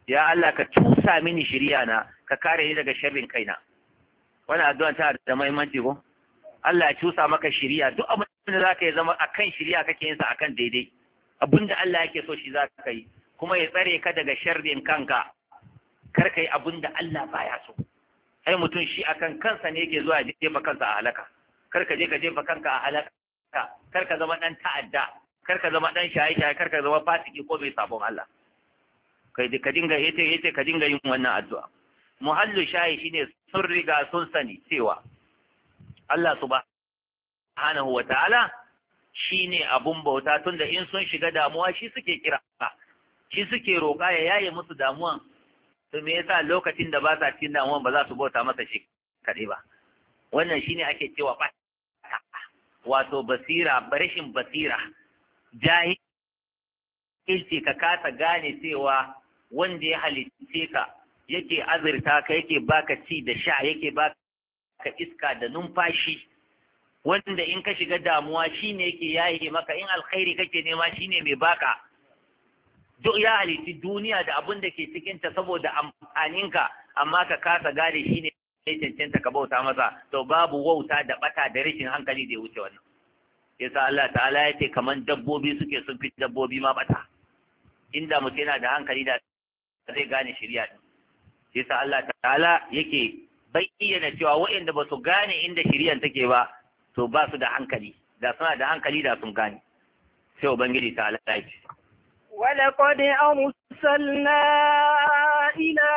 ya Allah ka tusa mini shirya na ka kare ni daga sharrin kaina wannan addu'a ta da muhimmanci ko Allah ya tusa maka shirya. duk abin da zaka yi zama akan shirya kake yin sa akan daidai abinda Allah yake so shi zaka yi kuma ya tsare ka daga sharrin kanka kar ka yi abinda Allah baya so ai mutum shi akan kansa ne yake zuwa jefa kansa a halaka kar ka je ka jefa kanka a halaka kar ka zama dan ta'adda kar ka zama dan shaye-shaye kar ka zama fasiki ko mai sabon Allah ka dinga yace yace ka dinga yin wannan addu'a muhallu shayi shine sun riga sun sani cewa Allah subhanahu wa ta'ala shine abun bauta tunda in sun shiga damuwa shi suke kira shi suke roƙa ya yaye musu damuwan to me yasa lokacin da ba sa cikin damuwan ba za su bauta masa shi kaɗai ba wannan shine ake cewa ba wato basira rashin basira jahilci ka kasa gane cewa wanda ya halitte ka yake azurta ka yake baka ci da sha yake baka iska da numfashi wanda in ka shiga damuwa shine yake yaye maka in alkhairi kake nema shine mai baka duk ya halitti duniya da abin da ke cikinta saboda amfaninka amma ka kasa gane shine ne cancanta ka bauta masa to babu wauta da bata da rashin hankali da ya wuce wannan yasa Allah ta'ala ya ce kaman dabbobi suke sun fi dabbobi ma bata inda mutum yana da hankali da zai gane shirya din shi sa Allah ta'ala yake bayyana cewa waɗanda ba su gane inda shiryan take ba to ba su da hankali da suna da hankali da sun gane sai ubangiji ta'ala ya ce ولقد أرسلنا إلى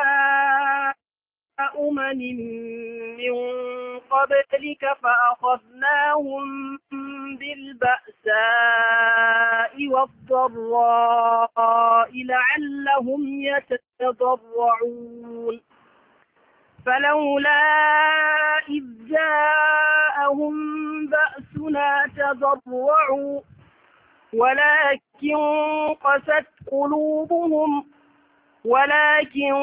أمم من قبلك فأخذناهم بالبأساء والضراء لعلهم يتضرعون فلولا إذ جاءهم بأسنا تضرعوا ولكن قست قلوبهم ولكن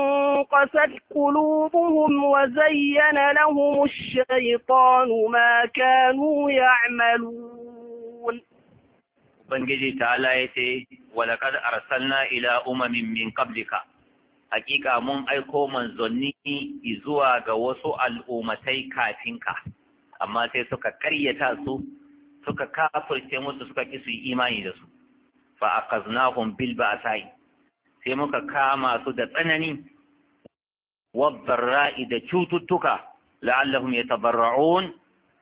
قست قلوبهم وزين لهم الشيطان ما كانوا يعملون بنجي تعالى يتي ولقد أرسلنا إلى أمم من قبلك hakika mun aiko manzanni zuwa ga wasu al'ummatai kafinka amma sai suka karyata su suka kafirce musu suka ki su yi imani da su a akaznahum bil sayi. sai muka kama su da tsanani wadarra'i da cututtuka la'allahum yatabarra'un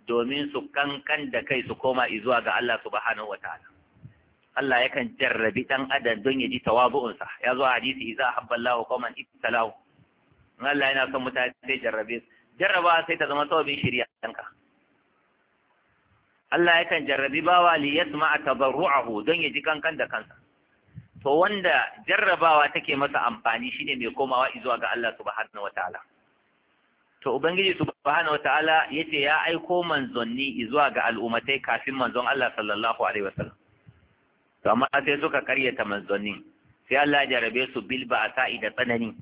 domin su kankan da kai su koma izuwa ga Allah subhanahu wataala Allah yakan jarrabi dan adam don ya ji tawabu'unsa ya zo hadisi idza habballahu qauman ibtalahu Allah yana son mutane sai jarrabe su jarraba sai ta zama sababin shari'a danka Allah yakan jarrabi bawa li yasma'a tabarru'ahu don ya ji kankan da kansa to wanda jarrabawa take masa amfani shine mai komawa zuwa ga Allah subhanahu wataala to ubangiji subhanahu wataala yace ya aiko manzonni zuwa ga al'ummatai kafin manzon Allah sallallahu alaihi wasallam to amma sai suka karyata manzonni sai Allah ya jarabe su bil ba'sa'i da tsanani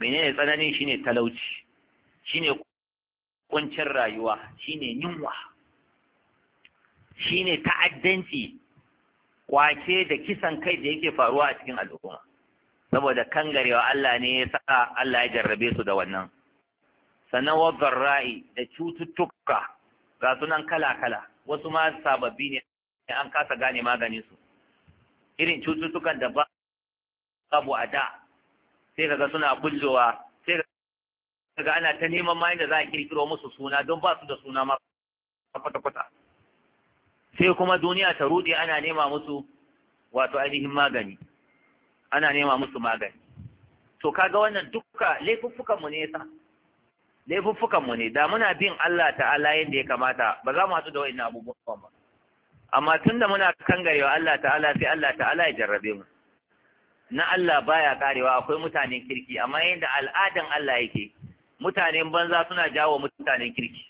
menene tsanani shine talauci shine kuncin rayuwa shine yunwa shine ta'addanci kwace da kisan kai da yake faruwa a cikin al'umma saboda kan garewa Allah ne ya saka Allah ya jarrabe su da wannan sannan wa ra'i da cututtuka ga sunan kala-kala wasu ma sababbi ne an kasa gane maganin su irin cututtukan da ba babu a da sai kaga suna bullowa sai kaga ana ta neman ma da za a kirkiro musu suna don ba su da suna ma kwata-kwata sai kuma duniya ta rude ana nema musu wato ainihin magani ana nema musu magani to kaga wannan duka laifuffukan mu ne yasa laifuffukan mu ne da muna bin Allah ta'ala yadda ya kamata ba za mu hatsu da wa'annan abubuwan ba amma tunda muna kangarewa Allah ta'ala sai Allah ta'ala ya jarrabe mu na Allah baya karewa akwai mutanen kirki amma yadda al'adan Allah yake mutanen banza suna jawo mutanen kirki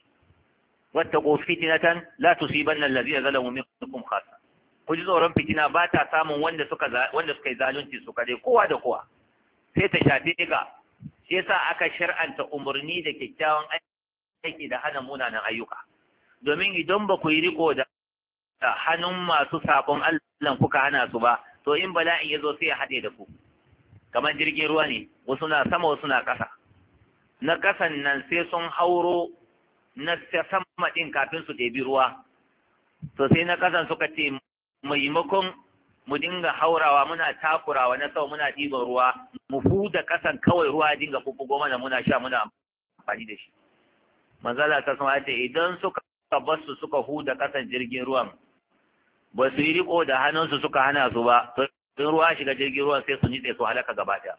wattaqu fitnatan la tusibanna alladhina zalamu minkum khassa ku ji tsoron fitina ba ta samun wanda suka wanda suka yi zalunci su kare kowa da kowa sai ta shafe ga shi yasa aka shar'anta umarni da kyakkyawan aiki da hana munanan ayyuka domin idan ba ku yi riko da hannun masu sabon Allah kuka hana su ba to in bala'i ya zo sai ya haɗe da ku kamar jirgin ruwa ne wasu na sama wasu na ƙasa na ƙasan nan sai sun hauro na sama ɗin kafin su ɗebi ruwa to sai na ƙasan suka ce maimakon mu dinga haurawa muna takurawa na sau muna ɗiban ruwa mu huda ƙasan kawai ruwa dinga bubbugo mana muna sha muna amfani da shi manzala ta sama ce idan suka basu suka huda ƙasan jirgin ruwan ba su yi riko da hannunsu suka hana su ba sun ruwa shiga jirgin ruwan sai su nitse su halaka gaba ɗaya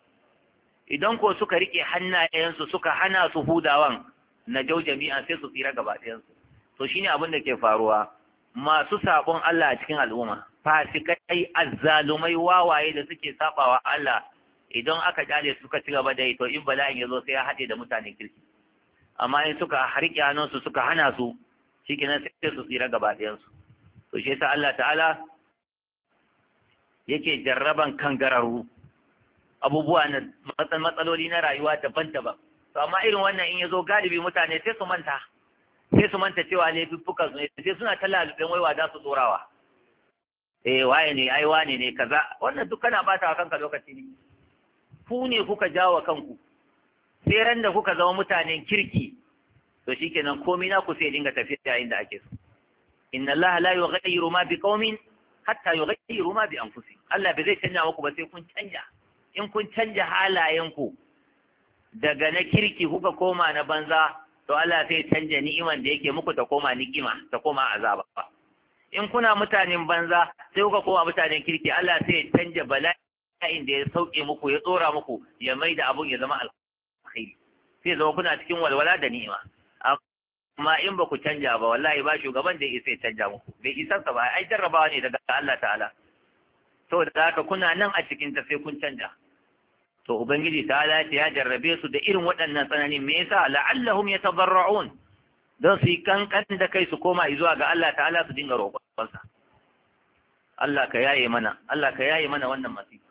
idan ko suka riƙe hannayensu suka hana su hudawan na jau jami'a sai su tsira gaba ɗayansu to shine abin da ke faruwa masu sabon Allah a cikin al'umma fasikai azzalumai wawaye da suke sabawa Allah idan aka jale suka ci gaba da to in bala'in ya zo sai ya haɗe da mutanen kirki amma in suka harƙe hannunsu suka hana su shikenan sai su tsira gaba ɗayansu to shi yasa Allah ta'ala yake jarraban kangararru abubuwa na matsaloli na rayuwa daban-daban to amma irin wannan in ya zo galibi mutane sai su manta sai su manta cewa laifuffuka su ne sai suna ta lalubin waiwa za su tsorawa eh waye ne ai wane ne kaza wannan duk kana bata wa kanka lokaci ne ku ne kuka jawo kanku sai ran da kuka zama mutanen kirki to shikenan komai na ku sai dinga tafiya inda ake so inna allaha la yughayyiru ma biqaumin hatta yughayyiru ma bi anfusihim Allah bai zai canja muku ba sai kun canja in kun canja halayenku daga na kirki kuka koma na banza to Allah sai canja ni'iman da yake muku ta koma ni'ima ta koma azaba in kuna mutanen banza sai kuka koma mutanen kirki Allah sai canja bala'in da ya sauke muku ya tsora muku ya mai da abun ya zama alkhairi sai zama kuna cikin walwala da ni'ima amma in ba ku canja ba wallahi ba shugaban da ya canja muku bai isarsa ba ai jarrabawa ne daga Allah ta'ala To da haka kuna nan a cikin ta sai kun canja to ubangiji ta lati ya jarrabe su da irin waɗannan tsanani me yasa la'allahum yatadarra'un don su yi kankan da kai su koma zuwa ga Allah ta'ala su dinga sa Allah ka yaye mana Allah ka yaye mana wannan masifa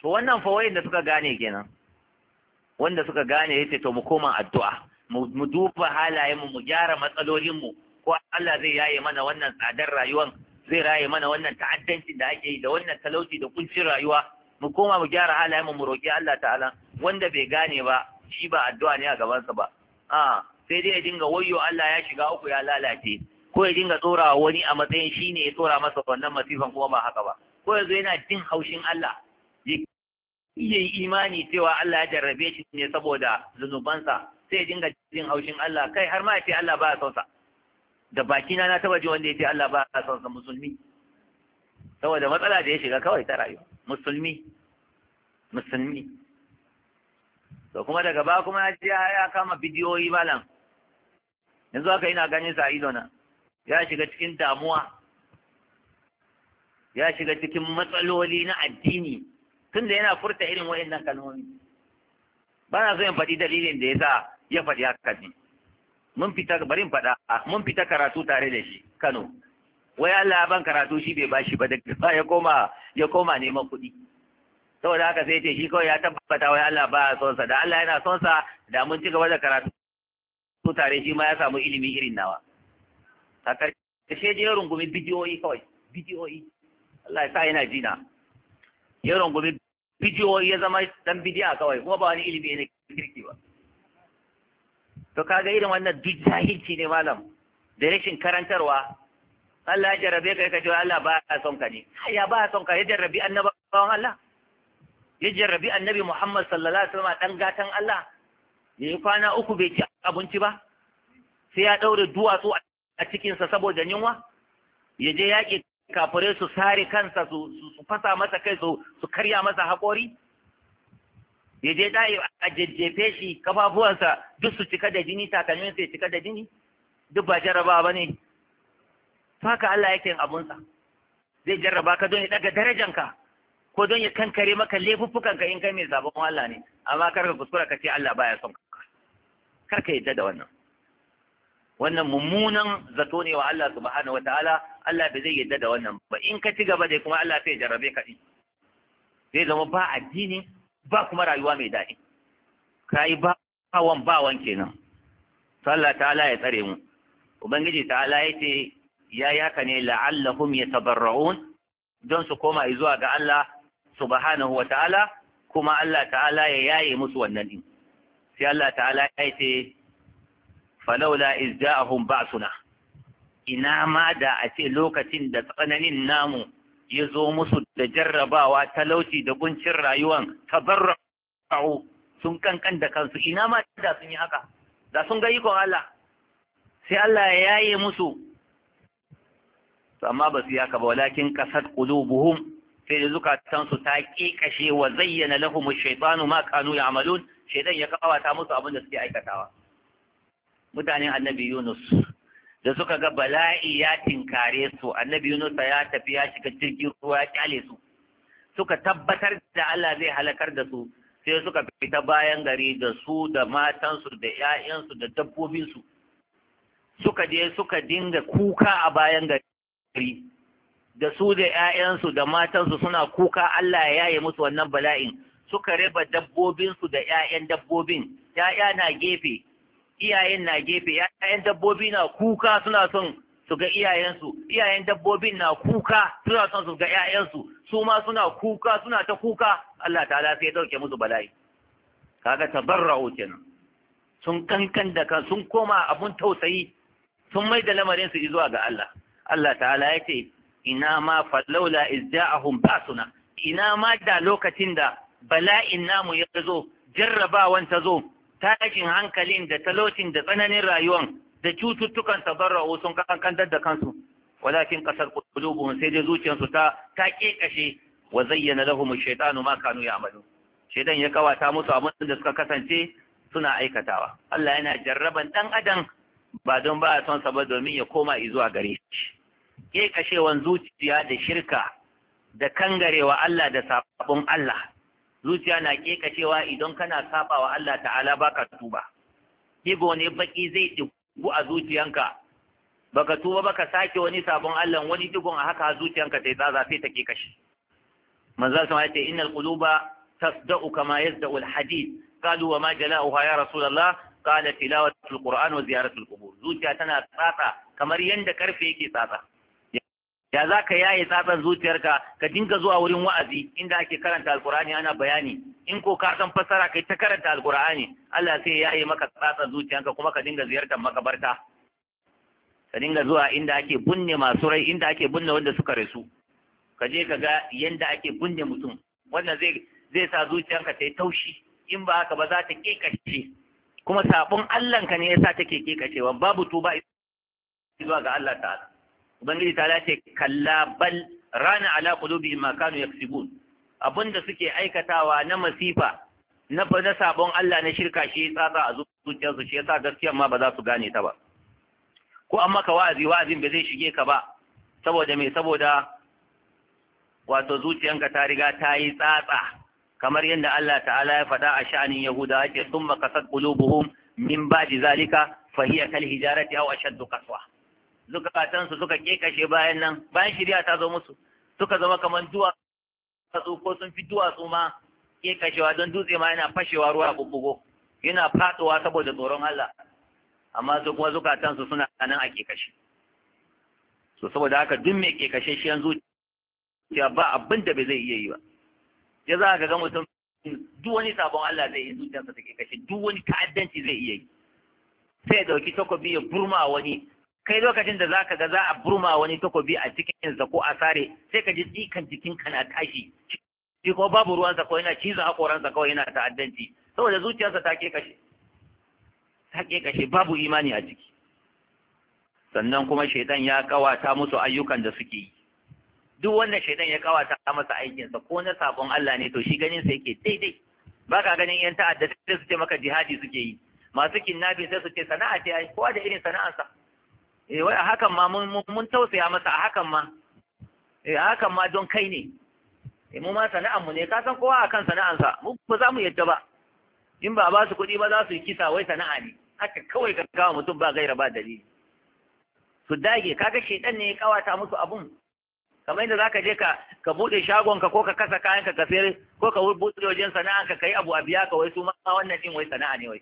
to wannan fa wayin da suka gane kenan wanda suka gane yace to mu koma addu'a mu duba halayen mu mu gyara matsalolin mu ko Allah zai yaye mana wannan tsadar rayuwar zai raye mana wannan ta'addanci da ake yi da wannan talauci da kuncin rayuwa mu koma mu gyara halayen mu mu roƙi Allah ta'ala wanda bai gane ba shi ba addu'a ne a gabansa ba a sai dai ya dinga wayyo Allah ya shiga uku ya lalace ko ya dinga tsora wani a matsayin shi ne ya tsora masa wannan masifan kuma ba haka ba ko ya zo yana jin haushin Allah ya yi imani cewa Allah ya jarrabe shi ne saboda zunubansa sai ya dinga jin haushin Allah kai har ma ya ce Allah ba ya da bakina na taba ji wanda ya ce Allah ba ya musulmi saboda matsala da ya shiga kawai ta rayuwa musulmi musulmi to kuma daga ba kuma ya je ya kama bidiyoyi malam yanzu haka ina ganin sa ido na ya shiga cikin damuwa ya shiga cikin matsaloli na addini tunda yana furta irin wa'annan kalmomi ba na so in faɗi dalilin da ya sa ya faɗi haka ne mun fita bari faɗa mun fita karatu tare da shi Kano wai Allah ban karatu shi bai bashi ba daga ya koma ya koma neman kuɗi saboda haka sai ce shi kawai ya tabbata wai Allah ba son sa da Allah yana son sa da mun ci gaba da karatu tare shi ma ya samu ilimi irin nawa a karshe je ya rungumi bidiyoyi kawai bidiyoyi Allah ya sa yana jina ya rungumi bidiyoyi ya zama dan bidiya kawai kuma ba wani ilimi ne kirki ba to kaga irin wannan duk jahilci ne malam da rashin karantarwa Allah ya jarrabe ka ka cewa Allah ba son ka ne ya ba son ka ya jarrabi annabawan Allah ya jarrabi annabi Muhammad sallallahu alaihi wasallam dan gatan Allah ya kwana uku bai ci abinci ba sai ya daure duwatsu a cikinsa saboda yunwa ya je yaƙi kafure su sare kansa su fasa masa kai su karya masa hakori ya je dai a jejjefe shi kafafuwansa duk su cika da jini takalmin sai cika da jini duk ba jaraba ba ne haka Allah yake yin abunsa zai jarraba ka don ya daga darajanka ko don ya kankare maka laifuffukanka in kai mai sabon Allah ne amma kar ka kuskura ka ce Allah baya son ka kar ka yadda da wannan wannan mummunan zato ne wa Allah subhanahu wataala Allah bai zai yadda da wannan ba in ka ci gaba dai kuma Allah sai ya jarrabe ka din zai zama ba addini ba kuma rayuwa mai daɗi ka yi ba wan ba wan kenan Sallah ta'ala ya tsare mu ubangiji ta'ala ya ce ya yaka ne la'allahum yatabarra'un don su koma zuwa ga Allah subhanahu wata'ala kuma Allah ta'ala ya yaye musu wannan din sai Allah ta'ala ya ce falaula izda'ahum ba'suna ina ma da a ce lokacin da tsananin namu ya zo musu da jarrabawa talauci da kuncin rayuwan tabarra'u sun kankan da kansu ina ma da sun yi haka da sun ga ikon Allah sai Allah ya yaye musu to amma ba su haka ba walakin kasat qulubuhum sai da zukatan su ta kekashe wa zayyana lahum ash-shaytanu ma kanu ya'malun shaytan ya kawata musu abin da suke aikatawa mutanen annabi Yunus da suka ga bala'i ya tinkare su annabi Yunus ya tafi ya shiga jirgin ruwa ya kyale su suka tabbatar da Allah zai halakar da su sai suka fita bayan gari da su da matansu da 'ya'yansu da dabbobinsu suka je suka dinga kuka a bayan gari kafiri da su da 'ya'yansu da matansu suna kuka Allah ya yaye musu wannan bala'in suka raba dabbobinsu da 'ya'yan dabbobin 'ya'ya na gefe iyayen na gefe 'ya'yan dabbobi na kuka suna son su ga iyayensu iyayen dabbobin na kuka suna son su ga 'ya'yansu su ma suna kuka suna ta kuka Allah ta sai ya dauke musu bala'i kaga tabarra'u kenan sun kankan da kan sun koma abun tausayi sun mai da lamarin su zuwa ga Allah Allah ta'ala ya ce ina ma falaula izja'ahum basuna ina ma da lokacin da bala'in namu ya zo jarrabawan ta zo tashin hankalin da talocin da tsananin rayuwan da cututtukan tabarra'u sun kankantar da kansu walakin kasar qulubuhum sai dai zuciyarsu ta ta kekashe wa zayyana lahum ash shaitanu ma kanu ya'malu shaidan ya kawata musu abin da suka kasance suna aikatawa Allah yana jarraban ɗan adam ba don ba a son ba domin ya koma zuwa gare shi ke kashewan zuciya da shirka da kangarewa Allah da sabon Allah zuciya na ke kashewa idan kana saba wa Allah ta'ala baka tuba digo ne baki zai digu a zuciyanka baka tuba baka sake wani sabon Allah wani digon a haka zuciyanka yi tsaza sai ta ke kashe manzo sun ce innal quluba tasda'u kama yasda'u al-hadid qalu wa ma jala'uha ya rasulullah qala tilawatul qur'an wa ziyaratul qubur zuciya tana tsatsa kamar yanda karfe yake tsatsa ya za ka yaye tsatsan zuciyarka ka dinga zuwa wurin wa'azi inda ake karanta alkur'ani ana bayani in ko ka san fassara kai ta karanta alkur'ani Allah sai yaye maka tsatsan zuciyarka kuma ka dinga ziyartar makabarta ka dinga zuwa inda ake bunne masu rai inda ake bunne wanda suka rasu ka je ka ga yanda ake bunne mutum wannan zai zai sa zuciyarka ta yi taushi in ba haka ba za ta kekashe kuma sabon Allahnka ne yasa take kekacewa babu tuba zuwa ga Allah ta'ala ubangiji ta ce kalla bal rana ala qulubi ma kanu yaksibun abinda suke aikatawa na masifa na na sabon Allah na shirka shi tsatsa a zuciyarsu shi yasa gaskiya ma ba za su gane ta ba ko amma ka wa'azi wa'azin ba zai shige ka ba saboda me saboda wato zuciyanka ta riga ta yi tsatsa kamar yadda Allah ta'ala ya faɗa a sha'anin Yahuda yake summa kasat ƙulubuhun min ji zalika fa hiya kal hijarati aw ashaddu qaswa zukatan su suka ƙeƙashe bayan nan bayan shirya ta zo musu suka zama kamar duwatsu ko sun fi duwatsu ma ƙeƙashewa don dutse ma yana fashewa ruwa bubbugo yana faɗuwa saboda tsoron Allah amma su kuma zukatan su suna nan a ƙeƙashe. so saboda haka duk mai ƙeƙashe shi yanzu ba abin da bai zai iya yi ba ya za ka ga mutum duk wani sabon Allah zai yi zuciyarsa take kashe duk wani ta'addanci zai iya yi sai ya dauki takobi ya burma wani kai lokacin da zaka ga za a burma wani takobi a cikin sa ko a sare sai ka ji tsikan jikin kana tashi shi ko babu ruwansa ko yana cizo hakoransa kawai yana ta'addanci saboda zuciyarsa ta ke kashe ta ke kashe babu imani a ciki sannan kuma shaitan ya kawata musu ayyukan da suke yi duk wanda shaidan ya kawata masa aikinsa ko na sabon Allah ne to shi ganin sa yake daidai ba ka ganin yan ta'adda sai su ce maka jihadi suke yi masu kinnabi sai su ce sana'a ce ai kowa da irin sana'arsa eh wai a hakan ma mun mun tausaya masa a hakan ma eh a hakan ma don kai ne eh mu ma sana'ar mu ne ka san kowa akan sana'arsa mu ba za mu yadda ba in ba ba su kuɗi ba za su yi kisa wai sana'a ne haka kawai ka kawo mutum ba gaira ba dalili su dage kaga shaidan ne ya kawata musu abun kamar yadda zaka je ka ka bude shagon ka ko ka kasa kayan ka ka sayar ko ka bude wajen sana'a ka kai abu a biya ka wai su ma wannan din wai sana'a ne wai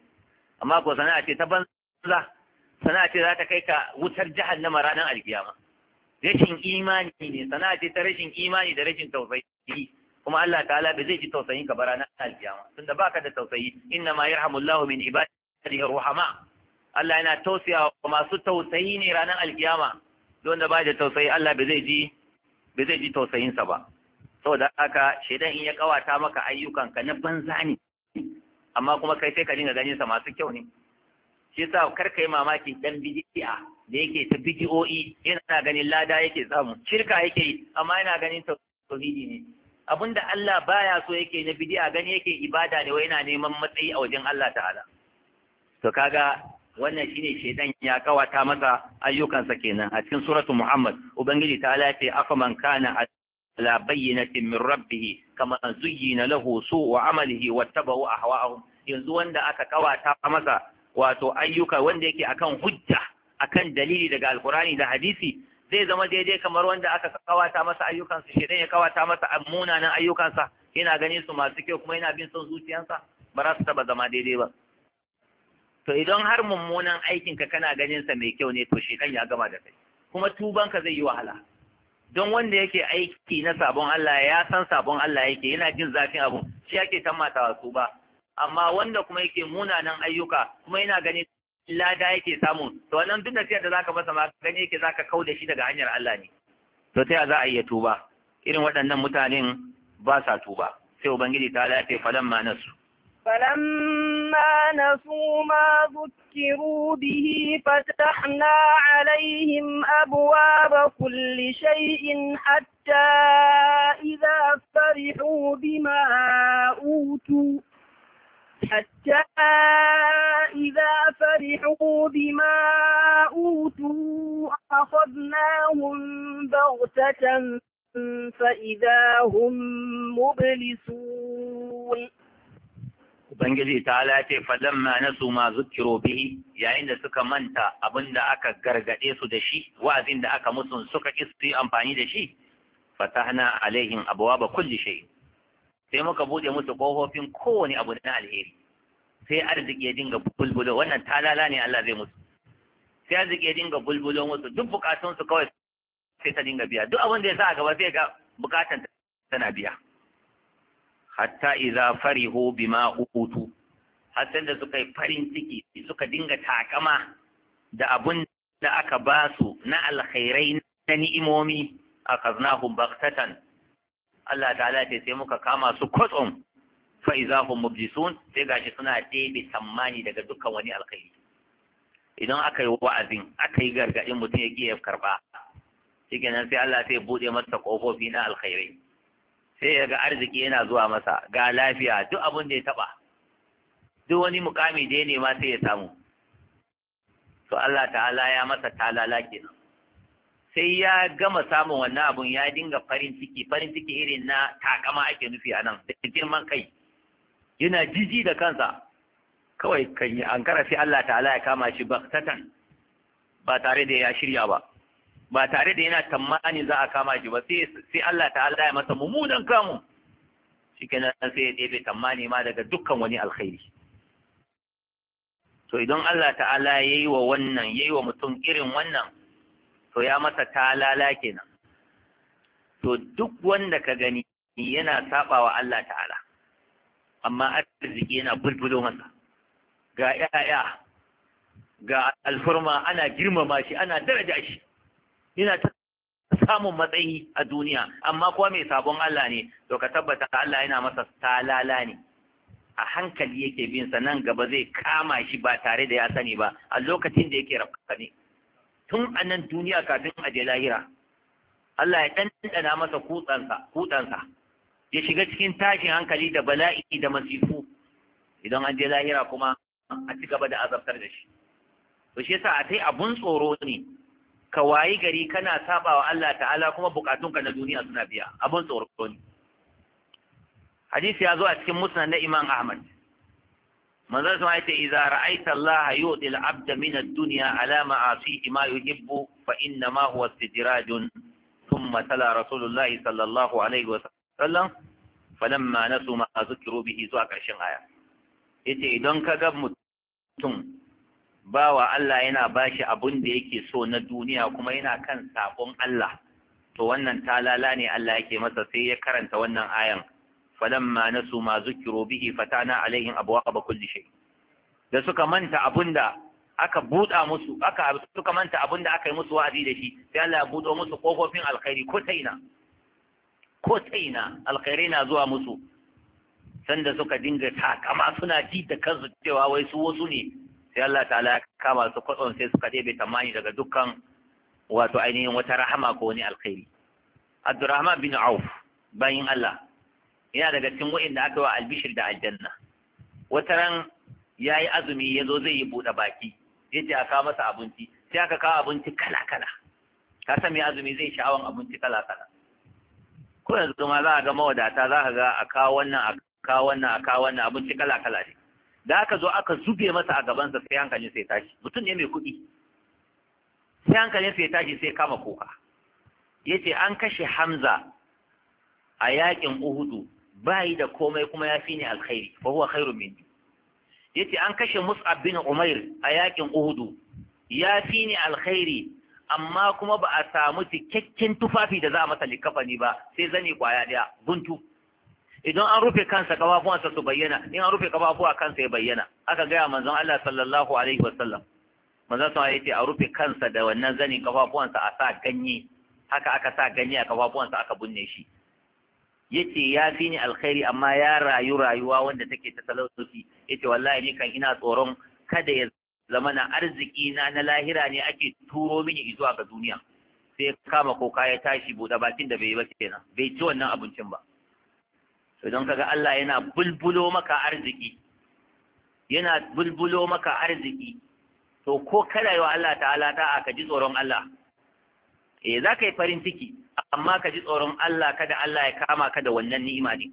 amma ko sana'a ce ta banza sana'a ce za ta kai ka wutar jahannama ranar alkiyama rashin imani ne sana'a ce ta rashin imani da rashin tausayi kuma Allah ta'ala bai zai ji tausayin ka ba ranar alkiyama tunda baka da tausayi inna ma yarhamullahu min ibadihi ruhama Allah yana tausayawa wa masu tausayi ne ranar alkiyama don da ba da tausayi Allah bai zai ji bai zai ji tausayinsa ba saboda haka shaidan in ya kawata maka ayyukanka na banza ne amma kuma kai sai ka dinga ganin sa masu kyau ne shi yasa kar yi mamaki dan bidiyo da yake ta bid'o'i yana ganin lada yake samu shirka yake yi amma yana ganin tauhidi ne abinda Allah baya so yake na bid'a gani yake ibada da wai yana neman matsayi a wajen Allah ta'ala to kaga wannan shine shedan ya kawata masa ayyukansa kenan a cikin suratu Muhammad ubangiji ta lafi afaman kana ala bayyinatin min rabbih kama zuyyina lahu su'u amalihi wattabahu ahwa'ahum yanzu wanda aka kawata masa wato ayyuka wanda yake akan hujja akan dalili daga alkurani da hadisi zai zama daidai kamar wanda aka kawata masa ayyukansa shedan ya kawata masa munanan ayyukansa yana ganin su masu kyau kuma yana bin son zuciyarsa ba za su taba zama daidai ba to idan har mummunan aikinka kana ganin sa mai kyau ne to shekan ya gama da kai kuma tubanka zai yi wahala don wanda yake aiki na sabon Allah ya san sabon Allah yake yana jin zafin abu shi yake mata su ba amma wanda kuma yake munanan ayyuka kuma yana ganin lada yake samu to wannan duk da da zaka masa ma gani yake zaka kau da shi daga hanyar Allah ne to ta za a iya tuba irin waɗannan mutanen ba sa tuba sai ubangiji ta lafe falan ma nasu فلما نسوا ما ذكروا به فتحنا عليهم أبواب كل شيء حتى إذا فرحوا بما أوتوا حتى إذا فرحوا بما أوتوا أخذناهم بغتة فإذا هم مبلسون ubangiji ta halace na su ma zukiro bihi yayin da suka manta abin da aka gargaɗe su da shi wa'azin da aka musu suka ƙi su yi amfani da shi fatahna alaihim ba kulli shay sai muka bude musu kofofin kowane abu na alheri sai arziki ya dinga bulbulo wannan talala ne Allah zai musu sai arziki ya dinga bulbulo musu duk bukatun su kawai sai ta dinga biya duk abin da ya sa a gaba sai ga bukatan tana biya hatta idza farihu bima utu har da suka yi farin ciki suka dinga takama da abun da aka ba su na alkhairai na ni'imomi akaznahum baktatan Allah ta'ala ce sai muka kama su kwatsam fa idza hum mubjisun sai gashi suna ɗebe tsammani daga dukkan wani alkhairi idan aka yi wa'azin aka yi gargaɗin mutum ya kiyaye karɓa shi sai Allah sai buɗe masa kofofi na alkhairai sai ya ga arziki yana zuwa masa ga lafiya duk abin da ya taba duk wani mukami da ya nema sai ya samu to Allah ta'ala ya masa talala kenan sai ya gama samun wannan abun ya dinga farin ciki farin ciki irin na takama ake nufi a nan da girman kai yana jiji da kansa kawai kan yi ankara sai Allah ta'ala ya kama shi baktatan ba tare da ya shirya ba ba tare da yana tamani za a kama shi ba sai Allah ta'ala ya masa mummunan kamu shikenan sai ya ɗebe tamani ma daga dukkan wani alkhairi to idan Allah ta'ala ya yi wa wannan ya yi wa mutum irin wannan to ya masa talala kenan to duk wanda ka gani yana saba wa Allah ta'ala amma arziki yana bulbulo masa ga 'ya'ya ga alfurma ana girmama shi ana daraja shi yana ta samun matsayi a duniya amma kuwa mai sabon Allah ne to ka tabbata Allah yana masa talala ne a hankali yake bin sa nan gaba zai kama shi ba tare da ya sani ba a lokacin da yake rafka ne tun a duniya kafin a je lahira Allah ya dandana masa kutsansa kutsansa ya shiga cikin tashin hankali da bala'i da masifu idan an je lahira kuma a cigaba da azabtar da shi to shi yasa a tai abun tsoro ne ka wayi gari kana saba wa Allah ta'ala kuma bukatunka na duniya suna biya abun tsoro ne hadisi ya zo a cikin musnad na Imam Ahmad manzon sa yace idza ra'aita Allah yu'ti al-'abd min ad-dunya ala ma'asihi ma yuhibbu fa inna ma huwa istijrajun thumma tala rasulullah sallallahu alaihi wa sallam falamma nasu ma zukiru bihi zuwa ƙarshen aya yace idan ka ga mutum bawa Allah yana bashi abun da yake so na duniya kuma yana kan sabon Allah to wannan talala ne Allah yake masa sai ya karanta wannan ayan falamma nasu ma zukiro bihi fatana alaihim a kulli shay da suka manta abunda aka buda musu aka suka manta abunda aka yi musu wa'azi da shi sai Allah ya budo musu kofofin alkhairi ko taina ko taina alkhairi na zuwa musu sanda suka dinga takama suna ji da kansu cewa wai su wasu ne sai Allah ta'ala ya kama su kwatson sai suka ɗebe tamani daga dukkan wato ainihin wata rahama ko wani alkhairi Abdurrahman bin Auf bayin Allah yana daga cikin wa'inda aka wa albishir da aljanna wata ran yi azumi zo zai yi buɗe baki yace a kawo masa abinci sai aka kawo abinci kala kala ka san mai azumi zai sha'awan abinci kala kala ko yanzu ma za a ga mawadata za ka ga a kawo wannan a kawo wannan a kawo wannan abinci kala kala ne da aka zo aka zube masa a gabansa sai hankalin sai tashi mutum ne mai kuɗi sai hankalin sai tashi sai kama kuka ce an kashe Hamza a yaƙin Uhudu bayi da komai kuma ya fi ni alkhairi ba huwa khairun Ya ce an kashe Mus'ab bin Umair a yaƙin Uhudu ya fi ni alkhairi amma kuma ba a samu cikakken tufafi da za a masa likafani ba sai zani kwaya daya buntu idan an rufe kansa kafafuwansa su bayyana in an rufe kafafu a kansa ya bayyana aka gaya manzon Allah sallallahu alaihi wasallam manzon sa yace a rufe kansa da wannan zani kafafuwansa a sa ganye haka aka sa ganye a kafafuwansa aka bunne shi yace ya fi ni alkhairi amma ya rayu rayuwa wanda take ta talauci yace wallahi ni kan ina tsoron kada ya zama na arziki na na lahira ne ake turo mini izuwa ga duniya sai kama koka ya tashi buɗe bakin da bai yi ba kenan bai ci wannan abincin ba to don kaga Allah yana bulbulo maka arziki yana bulbulo maka arziki to ko kada wa Allah ta'ala ta ka ji tsoron Allah eh za ka yi farin ciki amma ka ji tsoron Allah kada Allah ya kama ka da wannan ni'ima ne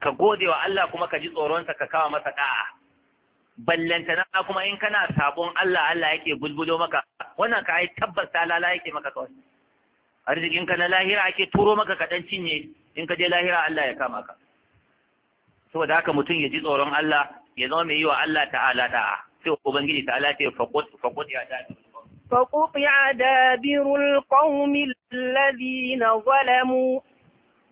ka gode wa Allah kuma ka ji tsoronsa ka kawo masa da'a ballantana kuma in kana sabon Allah Allah yake bulbulo maka wannan ka yi tabbas ta lala yake maka kawai arzikinka na lahira ake turo maka kaɗan cinye in ka je lahira Allah ya kama ka saboda haka mutum ya ji tsoron Allah ya zama mai yi wa Allah ta'ala ta'a. sai ubangiji ta'ala ce faqut faqut ya da ya دابر القوم الذين ظلموا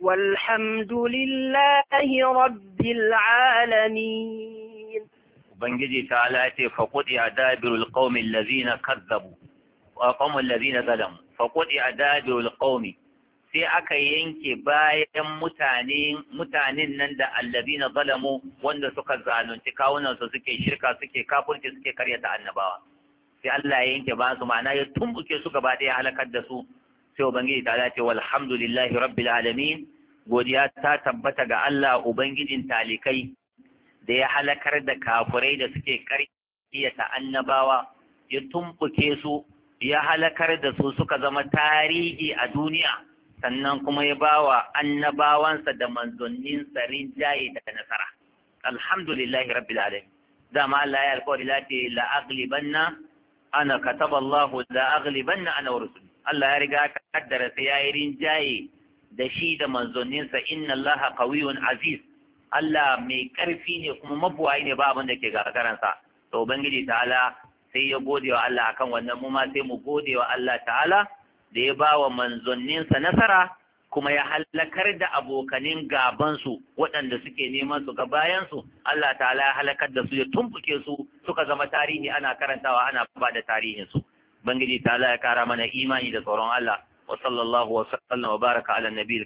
والحمد لله رب العالمين ubangiji ta'ala ce faqudi adabirul qaumi allazina kazzabu wa qaumul ladzina zalamu faqudi adabirul qaumi sai aka yanke bayan mutane mutanen nan da na zalamu wanda suka zalunci kawunan su suke shirka suke kafirci suke karyata annabawa sai Allah ya yanke ba su ma'ana ya tumbuke su gaba ɗaya halakar da su sai ubangiji ta ce walhamdulillahi rabbil alamin godiya ta tabbata ga Allah ubangijin talikai da ya halakar da kafurai da suke karyata annabawa ya tumbuke su ya halakar da su suka zama tarihi a duniya sannan kuma ya bawa annabawansa da manzanninsa rinjaye da nasara alhamdulillahi rabbil alamin dama Allah ya alƙawari la ta la aglibanna ana kataba Allahu la aglibanna ana rusuli Allah ya riga ka kaddara sai yayi rinjaye da shi da sa. inna Allah qawiyyun aziz Allah mai ƙarfi ne kuma mabuwayi ne ba abin da ke gagaransa to ubangiji ta'ala sai ya gode wa Allah akan wannan mu ma sai mu gode wa Allah ta'ala da ya ba wa manzanninsa nasara kuma ya halakar da abokanin gabansu waɗanda suke neman su ga bayansu Allah ta'ala ya halakar da su ya tumbuke su suka zama tarihi ana karantawa ana ba da tarihinsu bangiji ta'ala ya kara mana imani da tsoron Allah wa sallallahu wa sallam wa baraka ala nabiyil